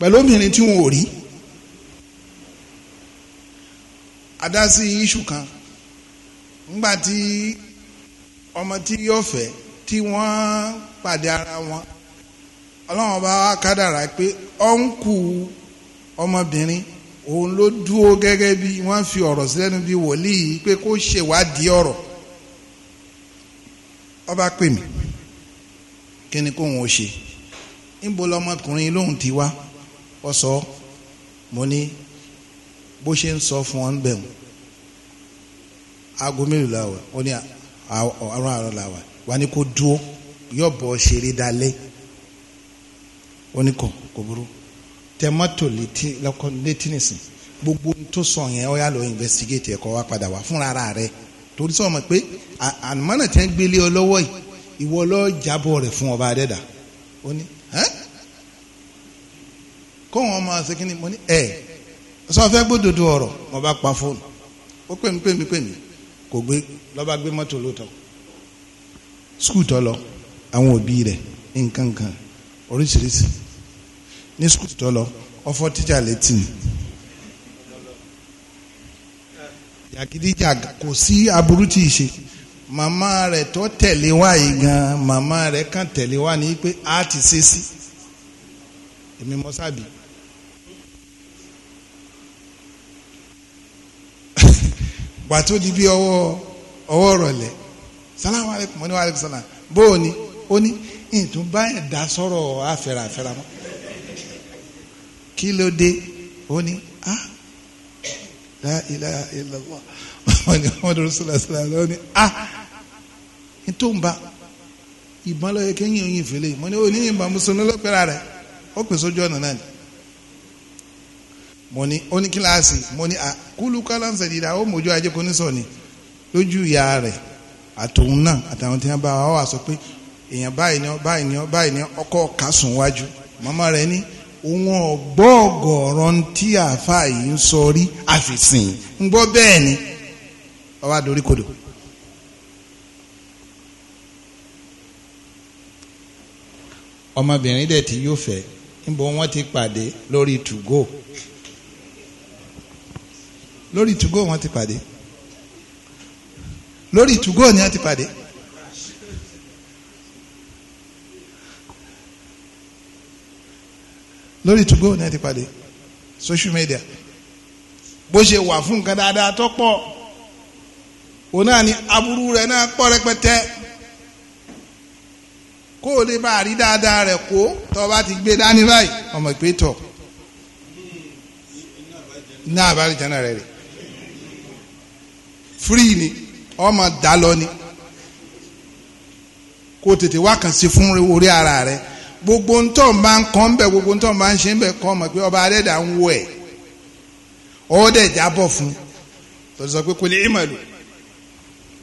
[SPEAKER 1] pẹ̀lú obìnrin tí wọn ò rí adásí iṣu kan ńgbà tí ọmọ tí yóò fẹ́ tí wọ́n pàdé ara wọn ọlọ́run ọba wa kádàrá pé ọ̀nkù ọmọbìnrin òun ló dúró gẹ́gẹ́ bí wọ́n fi ọ̀rọ̀ sílẹ́nu bí wòlíì pé kó ṣèwádìí ọ̀rọ̀ ọba pè mí kí ni kóun ó ṣe níbo lọmọkùnrin lóhùn ti wá ọ sọ mo ní bó ṣe ń sọ fún ọ ń bẹ̀ aago mélòó la wà ó ní àwọn àrùn àrùn wà ní kó dúró yọ̀bọ̀ ṣeré dalẹ́ oníkọ kò burú tẹmọtò létí lọkọ létí nìsín gbogbo tó sọ yẹn ọ yà lọ investigate ẹkọ wa padà wá fúnra rẹ torí sọ ma pé àmọ́nà tẹ́ ń gbélé ọ lọ́wọ́ yìí ìwọ lọ jábọ̀ rẹ̀ fún ọba adẹ́dà ó ní kó wọn máa ṣe kíni mo ní ẹ sọ fẹ́ gbódòdó ọ̀rọ̀ mo bá pa fóònù ó pè mí pè mí pè mí kò gbé lọ́ba gbé mọ́tò lóòótọ́ skul tó lọ àwọn òbí rẹ̀ nǹkan kan oríṣiríṣi ní sukùtù tó lọ ọfọ tíjà létí ni jàgídíjà kò sí aburú tí ì ṣe màmá rẹ̀ tó tẹ̀lé wá yìí gan màmá rẹ̀ kàn tẹ̀lé wá ní pé a ti ṣe sí èmi mọ sábì. gbà tó di bí ọwọ́ ọwọ́ rọ̀lẹ́ salamu aleykum wa ni wa aleykum salam bó o ní o ní ìtúbá ẹ̀dá sọ̀rọ̀ àfẹ́rẹ́ àfẹ́rẹ́ mọ́ kí ló dé ó ní a la ilaha illallah wọn ni wọn dúró sílẹ̀ sílẹ̀ lọ ní a ìtúbà ìbọn lọ yẹ kéyìn oyin ìfẹ́lẹ́ mo ní oníyìn ìbọn mùsùlùmí lọ́pẹ́rẹ́ rẹ̀ ó pèsè ojú ọ̀nà náà ni mo ní ó ní kíláàsì mo ní kúlù kálánṣẹ́ dídá ó mọ̀jú ajé kò ní sọ ni lójú ìyá rẹ̀ àtòun náà àtàwọn tí wọ́n bá wà sọ pé èèyàn báyìí ni ọ báyìí ni ọ báyìí ni ọkọ kásùn wájú màmá rẹ ní òun ọgbọ́ ọgọ̀ọ̀rọ̀ tí àáfàá yìí ń sọ rí àfìsìn ń gbọ́ bẹ́ẹ̀ ni ọba dorí kodò. ọmọbìnrin dẹ̀ tí yóò fẹ́ níbo wọ́n ti pàdé lórí tùgó lórí tùgó wọ́n ti pàdé lórí tùgó ni wọ́n ti pàdé. lórí tugo náà ti pàdé social media bó ṣe wà fún nǹkan dáadáa tó pọ̀ òun náà ni aburú rẹ̀ náà pọ̀ rẹpẹtẹ kó o lè bá a rí dáadáa rẹ̀ kó tó o bá ti gbé dání báyìí ọmọ ìpè tọ̀ ní àbájáná rẹ̀ rẹ̀ free ni ọmọ dá lọ ni kó o tètè wá kàn sí fún orí ara rẹ̀ gbogbo ń tọ́ ń bá ń kọ́ ń bẹ̀ gbogbo ń tọ́ ń bá ń ṣe ń bẹ̀ kọ́ mọ̀ pé ọba adẹ́dà ń wọ ẹ̀ ọ́ dẹ̀ jábọ̀ fún tọ́jú sọ pé kò lè ìmọ̀lù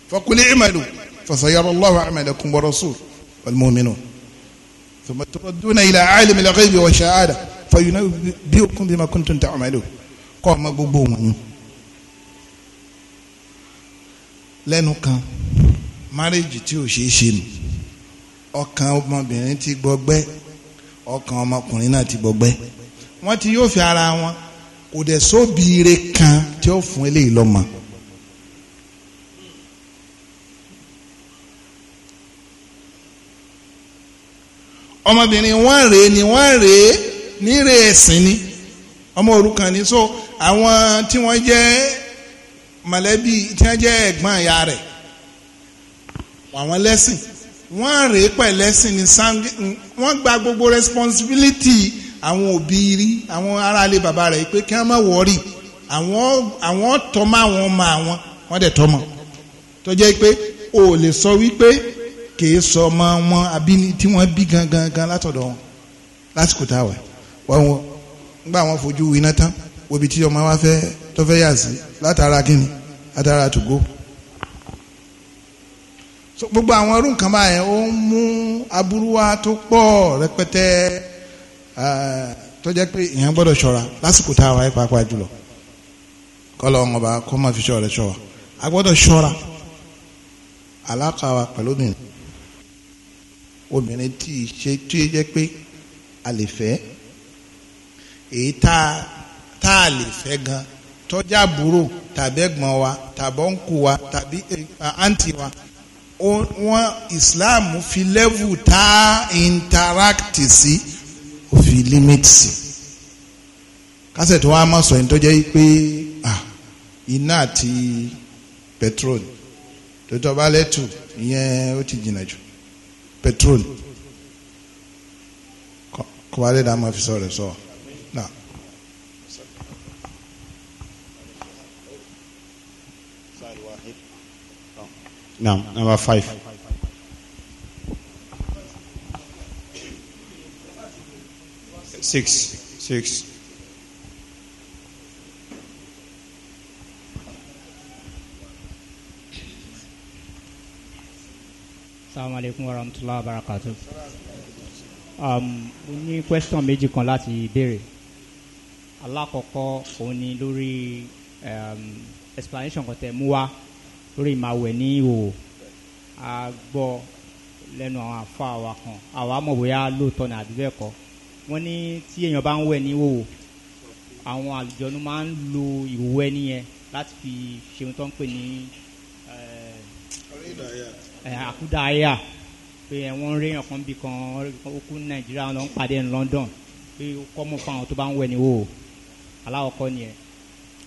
[SPEAKER 1] fọkùlé ìmọ̀lù fasayara Allahu amalakum wa rasul wal mu'minun thumma turadduna ila alimi al-ghaybi wa shahada fayunabbi'ukum bima kuntum ta'malun kọ́ ọmọ gbogbo wọ̀nyí lẹ́nu kan márèjì tí ò ṣeé ṣe nù. ọkàn ọmọbìnrin ti gbọgbẹ ọkàn ọmọkùnrin náà ti gbọgbẹ wọn ti yóò fi ara wọn kò dẹ̀ sóbìire kan tí ó fún eléyìí lọ́mọ. ọmọbìnrin wọ́n rèé ni wọn rèé nírè ẹ̀sìn ni ọmọ òrukàn ni so àwọn tí wọn jẹ́ mọ̀lẹ́bí tí wọn jẹ́ ẹgbọn ìyá rẹ̀ àwọn lẹ́sìn. wọ́n rèé pẹ̀lẹ́sìn ní sangi wọ́n gba gbogbo responsibility àwọn òbí rí àwọn aráalé bàbá rẹ̀ pé kí wọ́n má wọ́ọ̀rì àwọn àwọn tọ́mọ àwọn ọmọ àwọn wọ́n dẹ̀ tọ́mọ tó jẹ́ pé o ò lè sọ wípé kìí sọ ọmọ wọn àbí tí wọ́n bí gangan gan látọ̀dọ̀ wọn lásìkò tá a wà wọ́n wọ́n nígbà wọn fojú iná tán wo ibi tí ọmọ wa fẹ́ tó fẹ́ yà sí látara kíni látara tògó so gbogbo àwọn ọdún kan báyẹn ó ń mú aburú wá tó pọ̀ rẹpẹtẹ tó jẹ́ pé èèyàn gbọ́dọ̀ ṣọ́ra lásìkò tá a wáyé pàápàá jùlọ kọ́lọ̀ ọ̀hún ọba kó má fi ṣọ́ rẹ̀ ṣọ́ra a gbọ́dọ̀ ṣọ́ra aláka wa pẹ̀lú obìnrin obìnrin tí ṣe tí ó jẹ́ pé a lè fẹ́ èyí tá tá a lè fẹ́ gan tọ́jà búrò tàbí ẹ̀gbọ́n wa tàbí ọ̀nkù wa tàbí àǹtí wa wọn Islam fi level tá a interact sí ó fi limit sí kásẹ̀ tó wá máa sọ yìí tó jẹ́ pé iná àti petrol tó tọ́ bá lẹ́tù ìyẹn ó ti jìnnà jù petrol kọ́ wa lè dá máa fi sọ̀rọ̀ sọ̀rọ̀.
[SPEAKER 3] Now, number five. Six. Six.
[SPEAKER 2] Assalamu
[SPEAKER 7] alaikum warahmatullahi wabarakatuh. Um, mo ní question méjì kan láti béèrè. Alákọ̀ọ́kọ́ òun ni lórí um, explanation kan tẹ̀ mú wá lórí ìmàwẹ̀ ní ìhòòhò a gbọ́ lẹ́nu àwọn àfa àwa kan àwa mọ̀ bóyá lóòótọ́ ní àdúgbẹ́ kọ́ wọ́n ní tí èèyàn bá ń wẹ̀ ní ìhòòhò àwọn àlùjọ́nu máa ń lo ìwẹ́ nìyẹn láti fi ṣeun tó ń pè ní eh, eh, àkúdàáyà pé wọ́n rí èèyàn kan bí kan ó nàìjíríà ló ń pàdé ní London pé ó kọ́ mọ̀ fún àwọn tó bá ń wẹ̀ ní ìhòòhò aláwọ̀kọ́ nìyẹn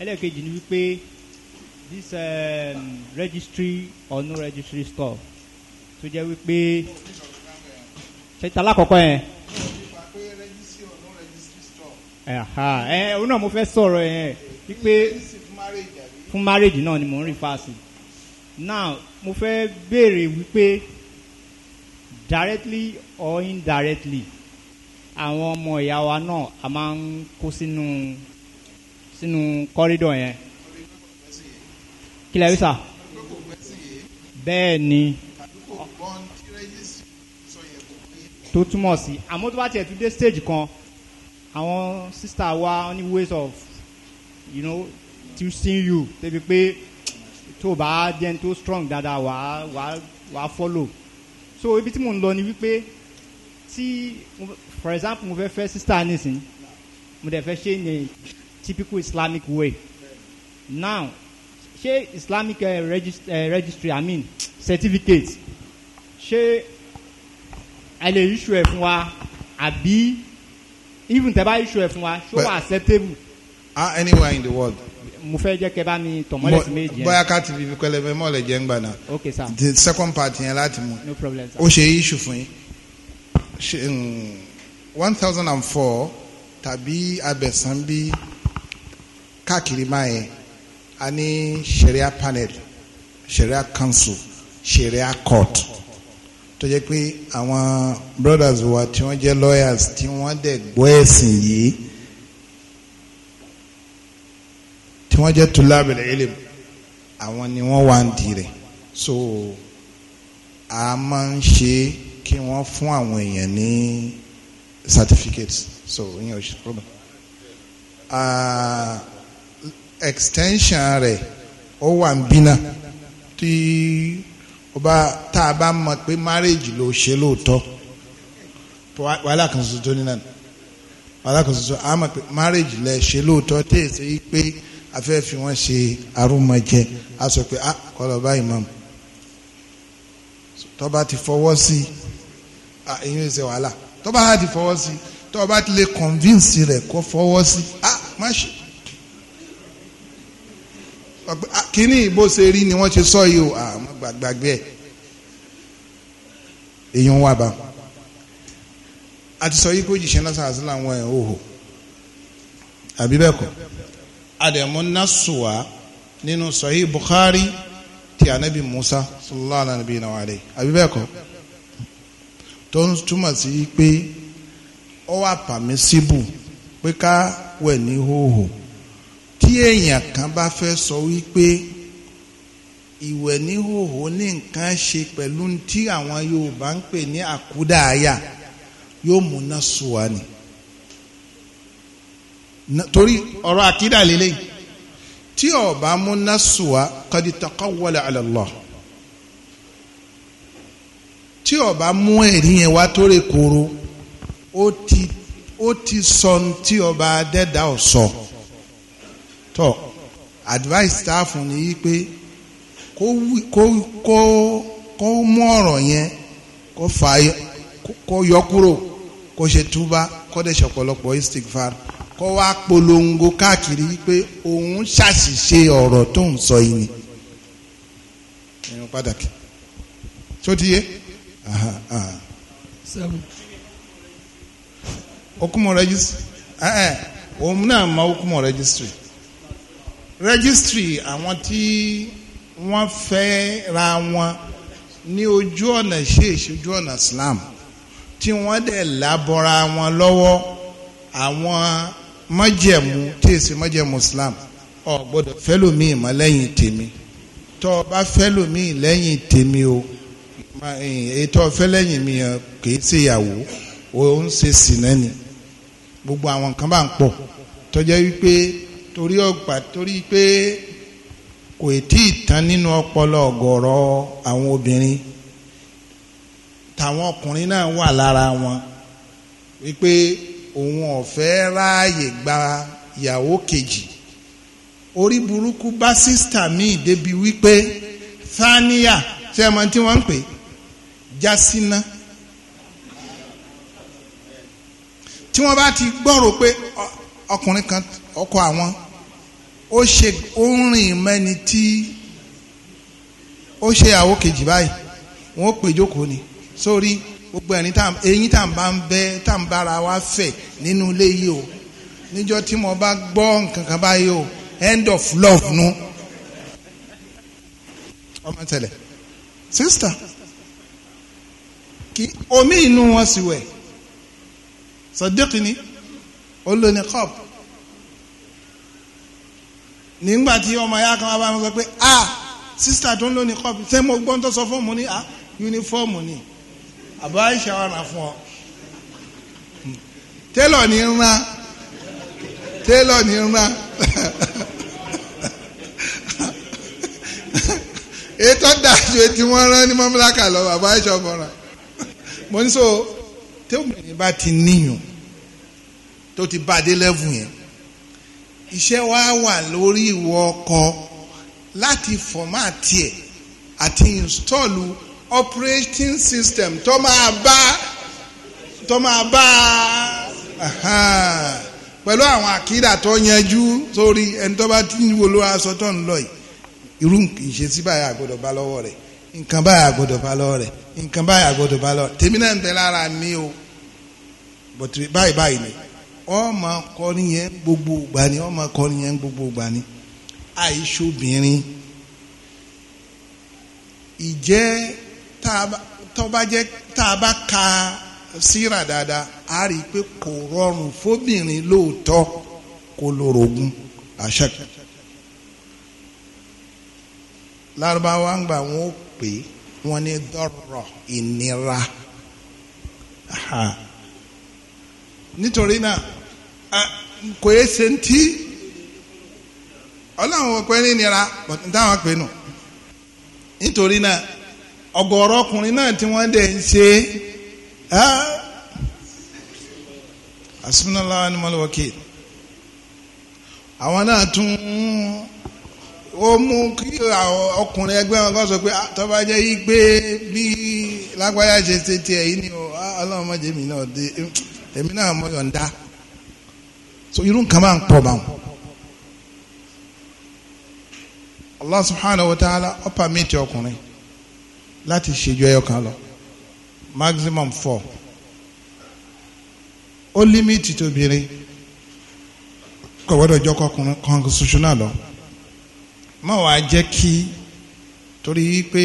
[SPEAKER 7] ẹlẹ́ẹ̀kejì ni wípé this um, registry or no registry stuff tó jẹ́ wípé ṣe ta lákọ̀ọ́kọ́ yẹn. ẹ òun náà mo fẹ́ sọ̀rọ̀ yẹn wípé fún marriage náà ni mo ń rìn fáàsì now mo fẹ́ béèrè wípé directly or indirectly àwọn ọmọ ìyá wa náà a máa ń kó sínú sínú kọ́rídọ̀ yẹn kílẹ̀ wíṣà. bẹ́ẹ̀ ni tó túmọ̀ sí àmọ́ bá tiẹ̀ tún dé stage kan àwọn sista wa ní ways of you know teaching you tẹ́bi pé tó bá jẹun tó strong dáadáa wàá wàá wàá follow so ibi tí mo ń lọ ni wípé tí for example mo fẹ́ fẹ́ sista nísìnyí mo dẹ̀ fẹ́ ṣe ní typical Islamic way now ṣé islamic uh, eh, regist uh, eh, registry i mean certificate ṣé ẹ lè issue ẹ̀ fún wa àbí even tẹ́
[SPEAKER 1] bá issue ẹ̀ fún wa ṣó wà acceptable. ah uh, anywhere in the world. mo fẹ́ jẹ́ kẹ́ bá mi tọ̀mọ́lẹ̀ sí méjì yẹn. bóyá ká ti fi kẹlẹ́ fẹ́ mọ́ọ̀lẹ̀ jẹ́ ń gbà náà. ok sir. the second part yẹn láti mú. no problem sir. ó ṣe issue fún yín. Um, one thousand and four tàbí abẹ̀sán bí káàkiri máa yẹn ani ní sharia panel sharia council sharia court tó jẹ́ pé àwọn brothers wa tí wọ́n jẹ́ lawyers tí wọ́n dẹ̀ gbọ́ ẹ̀sìn yìí tí wọ́n jẹ́ tulabel ilim àwọn ni wọ́n wá ń di rẹ̀ so a máa ń ṣe kí wọ́n fún àwọn èèyàn ní certificate so ìyẹn ò ṣe problem. Uh, extension rẹ̀ ó wà ń bínà tí ó bá tá a bá mọ̀ pé marriage ló ṣe lóòótọ́ wàhálà kan ṣoṣo tó nínà wàhálà kan ṣoṣo a pé marriage lẹ ṣe lóòótọ́ tí èsì yìí pé a fẹ́ fi wọ́n ṣe arúmọjẹ a sọ pé a ah, kọ́ lọ báyìí mọ̀ tọ́ba ti fọwọ́ sí i ah, ìyẹn ṣe wàhálà tọ́ba ti fọwọ́ sí i tọ́ba ti lè convince rẹ̀ kó fọwọ́ sí i ah má ṣe Ah, kíní ìbò ṣe rí ni wọ́n ti sọ yìí o àmọ́ ah, gbàgbàgbé ẹ̀ èyí ń wá bá àti sọ yìí kó jìṣẹ́ náà sàásì làwọn ẹ̀ hòhò àbí bẹ́ẹ̀ kọ́ àdẹ̀mú nasuwa nínú sọ̀hí Bukhari ti anabi Musa sallallahu alayhi wa alayhi àbí bẹ́ẹ̀ kọ́ tó ń túmọ̀ sí pé ó wà pé ká wẹ̀ ní hòhò tí èèyàn kan bá fẹ́ sọ wípé ìwẹ̀ ní hòhò ní nǹkan ṣe pẹ̀lú tí àwọn Yorùbá ń pè ní àkúdàáyà yóò múná sùwà ni torí ọ̀rọ̀ àkídà lélẹ̀ tí ọba múná sùwà kọ́dí wọlé ala Allah tí ọba mú ẹ̀rí yẹn wá tó rè kóró ó ti sọ ní tí ọba adẹ́dá ọ̀sọ́. So tọ́ advice tá a fún ni wípé kó kó kó kó mú ọ̀rọ̀ yẹn kó fà á kó yọ kúrò kó ṣe túbá kó dẹ̀ ṣọ̀pọ̀lọpọ̀ istikfar kó wá polongo káàkiri wípé òun ṣàṣìṣe ọ̀rọ̀ tó ń sọ yìí ni ẹ̀yìn pàtàkì tó ti yé okumu registry òun náà mọ okumu registry registry àwọn tí wọ́n fẹ́ ra wọn ní ojú ọ̀nà ṣe ìṣojú ọ̀nà Islam tí wọ́n dẹ̀ lábọ́ra wọn lọ́wọ́ àwọn májẹ̀mú tí èsì májẹ̀mú Islam ò gbọ́dọ̀ fẹ́lòmíì mọ́ lẹ́yìn tèmi tọ́ ọ bá fẹ́lòmíì lẹ́yìn tèmi o ètò ọ̀fẹ́ lẹ́yìn mi kì í ṣèyàwó o ń ṣe sìnẹ́ni gbogbo àwọn kan bá ń pọ̀ tọ́jọ́ wípé torí ọgbà torí pé kò tí ì tán nínú ọpọlọ ọ̀gọ̀rọ̀ àwọn obìnrin tàwọn ọkùnrin náà wà lára wọn wípé òun ọ̀fẹ́ ráàyè gba ìyàwó kejì orí burúkú bá sísítà míì débi wípé thania ṣé ẹ mọ tí wọ́n ń pè jásínà tí wọ́n bá ti gbọ́rò pé ọkùnrin kan ọkọ àwọn ó ṣe ó ń rìn mẹ́ni tí ó ṣe àwọ̀ kejì báyìí wọ́n pè jókòó ni sórí gbogbo ẹ̀rín tá eyín tá n bá ń bẹ tá n bára wa fẹ̀ nínú ilé yìí o níjọ́ tí mo bá gbọ́ nǹkan kan báyìí o end of love nu ọmọ tẹlẹ sista kí omi inú wọn sì wẹ̀ sọdẹ́kì ni ó lóni kọ́ọ̀pù nígbà tí ọmọ ya kan wá sọ pé ah sísítà tó ń lò ní kọ́ọ̀pù ṣé mo gbọ́n tó sọ fún mo ní ah yunifọ́ọ̀mù ni àbá ìṣàwárà fún ọ télọ̀ ní rán télọ̀ ní rán ètò dàṣe tí wọ́n rán ní mọ́mílákà lọ bàbá ìṣọ̀bọ̀ràn mo ní so tẹ́wọ̀n bá ti níyàn tó ti bá a dé lẹ́fù yẹn iṣẹ́ wa wà lórí ìwọ ọkọ láti fọ́mátì ẹ̀ àti ìnstọ́ọ̀lù operating system tó máa bá tó máa bá pẹ̀lú àwọn àkídà tó yanjú sórí ẹni tó bá ti ń wo ló aṣọ tó ń lọ yìí irú ìṣesí báyà àgbọ̀dọ̀ bá lọ́wọ́ rẹ̀ nǹkan báyà àgbọ̀dọ̀ bá lọ́wọ́ rẹ̀ nǹkan báyà àgbọ̀dọ̀ bá lọ́wọ́ rẹ̀ tèmi náà ń bẹ lára mi o báyìí báyìí ni ọmọ akọni yẹn gbogbo ìgbà ni ọmọ akọni yẹn gbogbo ìgbà ni àìṣobìnrin ìjẹ́ tọ́ba jẹ́ tá a bá ka síra dáadáa a rí i pé kò rọrùn fóbìnrin lóòótọ́ kò lórogún àṣàkà lárúbáwá ń gbà wọn ó pè é wọn ní dọrọ ìnira nítorí náà. kò é ṣe ntí ọlọ́run ò pẹ́ ní ìnira táwọn pè nù nítorí náà ọkùnrin náà tí wọ́n dẹ̀ ń ṣe asúnáláwá ni mo lọ wọ́kì àwọn náà tún ó mú kí ọkùnrin ẹgbẹ́ wọn kọ́ sọ pé ah, tọ́ba jẹ́ yí pé bí lágbáyà ṣe ṣe tiẹ̀ ni ah, ọlọ́run so irú nǹkan máa ń pọ̀ Allah subhanahu wa ta'ala ó permit ọkùnrin láti ṣèjú ẹyọ kan lọ maximum four ó limit tóbìnrin kò gbọ́dọ̀ jọ kọkùnrin constitutional lọ má wàá ki, kí torí wípé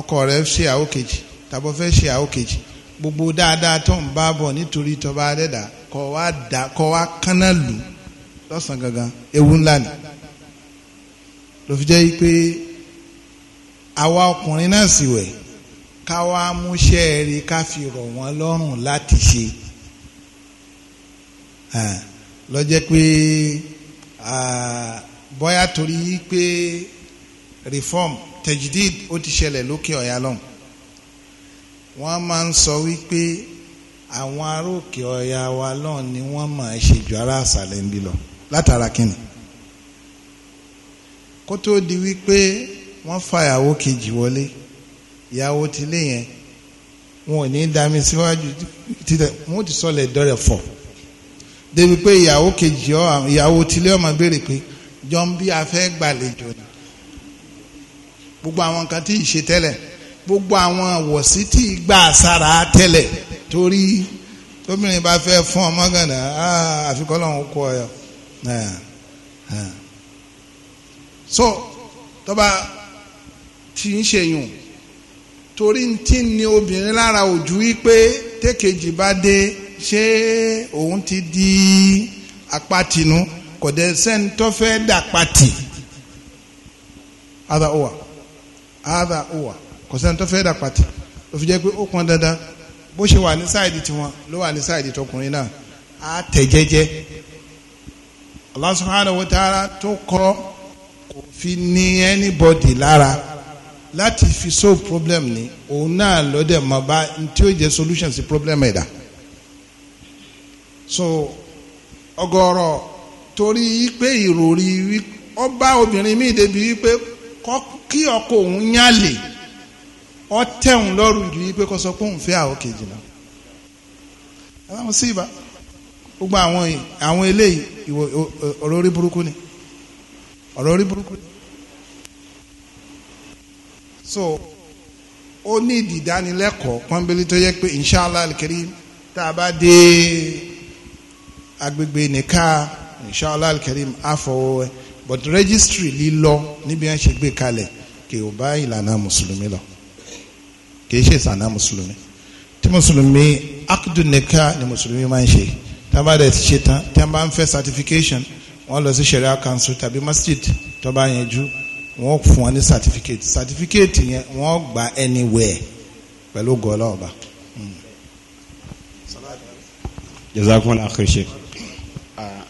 [SPEAKER 1] ọkọ rẹ̀ ṣe àwòkejì tàbí ó fẹ́ ṣe àwòkejì gbogbo dáadáa tó ń bá bọ̀ nítorí tọba adẹ́dà kọ́ wa dà kọ́ wa kánná lù lọ́sàn gangan ewu ńlá ni ló fi jẹ́ pé àwa ọkùnrin náà sì wẹ̀ ká wá múṣẹ́ rí ká fi rọ̀ wọ́n lọ́rùn láti ṣe ló pé bóyá torí pé reform tajdid ó ti ṣẹlẹ̀ lókè ọ̀yà lọ́hùn wọ́n máa ń sọ wípé àwọn aróòkè ọ̀yà wa lọ́n ni wọ́n máa ṣe ju ara àṣàlẹ̀ ń bí lọ látara kínni kó tó di wípé wọ́n fàyàwó kejì wọlé ìyàwó tilé yẹn wọn ò ní dami síwájú títẹ wọn ò ti sọlẹ̀ dọ́rẹ̀ fọ̀ débi pé ìyàwó kejì ọ ìyàwó tilé ọmọ béèrè pé jọ ń bí afẹ́ gbàlejò ni gbogbo àwọn kan tí ì ṣe tẹ́lẹ̀ gbogbo àwọn àwọ̀sí tí gbà sára tẹ́lẹ̀ torí tóbìnrin bá fẹ́ fún ọmọ gànà àfikọ́ lọ́hún kọ́ so tọ́ba tí ń ṣe yùn torí tí ni obìnrin lára ojú wípé tẹ́kejì bá dé ṣé òun ti di apatinu kò dé sẹ́ni tó fẹ́ dàpatì. Ada owa. Ada owa. kò sẹ́ni tó fẹ́ dà pàtì ló fi jẹ́ pé ó pọn dandan bó ṣe wà ní sáìdì tiwọn ló wà ní sáìdì tọkùnrin náà á tẹ̀ jẹ́jẹ́ tó kọ́ kò fi ní lára láti fi solve problem ni òun náà lọ́dẹ̀ mọ̀ bá tí ó jẹ́ solution sí problem ẹ̀dá so ọgọrọ torí pé ìròrí ó bá obìnrin míì débi wípé kí ọkọ òun yálè ọ tẹ̀hún lọ́rùn ju yí pé kó sọ pé òun fẹ́ àwọn kejì lọ. aláwọ̀ sí ibà gbogbo àwọn àwọn eléyìí ọ̀rọ̀ orí burúkú ni ọ̀rọ̀ orí burúkú ni. so ó ní ìdìdánilẹ́kọ̀ọ́ pọ́nbélé tó yẹ pé inshallah al-karim tá a bá dé agbègbè nìka inshallah al-karim àfọwọ́ ẹ̀ but registry lílọ níbi wọn ṣe gbé kalẹ̀ kì í bá ìlànà mùsùlùmí lọ kìí ṣe sànà mùsùlùmí tí mùsùlùmí akudu nìka ni mùsùlùmí máa ń ṣe tí wọ́n bá dẹ̀ ṣe tán tí wọ́n bá ń fẹ́ certification wọ́n lọ sí sharia council tàbí masjid tó bá yanjú wọ́n fún wọn ní certificate certificate yẹn wọ́n gba anywhere pẹ̀lú gọ́ọ̀lá
[SPEAKER 3] ọba. Hmm. jazakumullahu khair sheikh ah,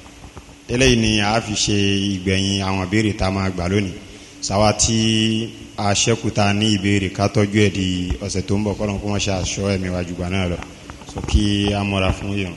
[SPEAKER 3] eléyìí ni a fi ṣe ìgbẹ̀yìn àwọn béèrè tá a máa gbà lónìí sáwa tí aṣẹ́kùtà ní ìbéèrè ká tọ́jú ẹ̀ di ọ̀sẹ̀ tó ń bọ̀ kọ́lọ́n kó wọ́n ṣe àṣọ ẹ̀mí wájú gbà náà lọ so kí a mọ́ra fún yìí.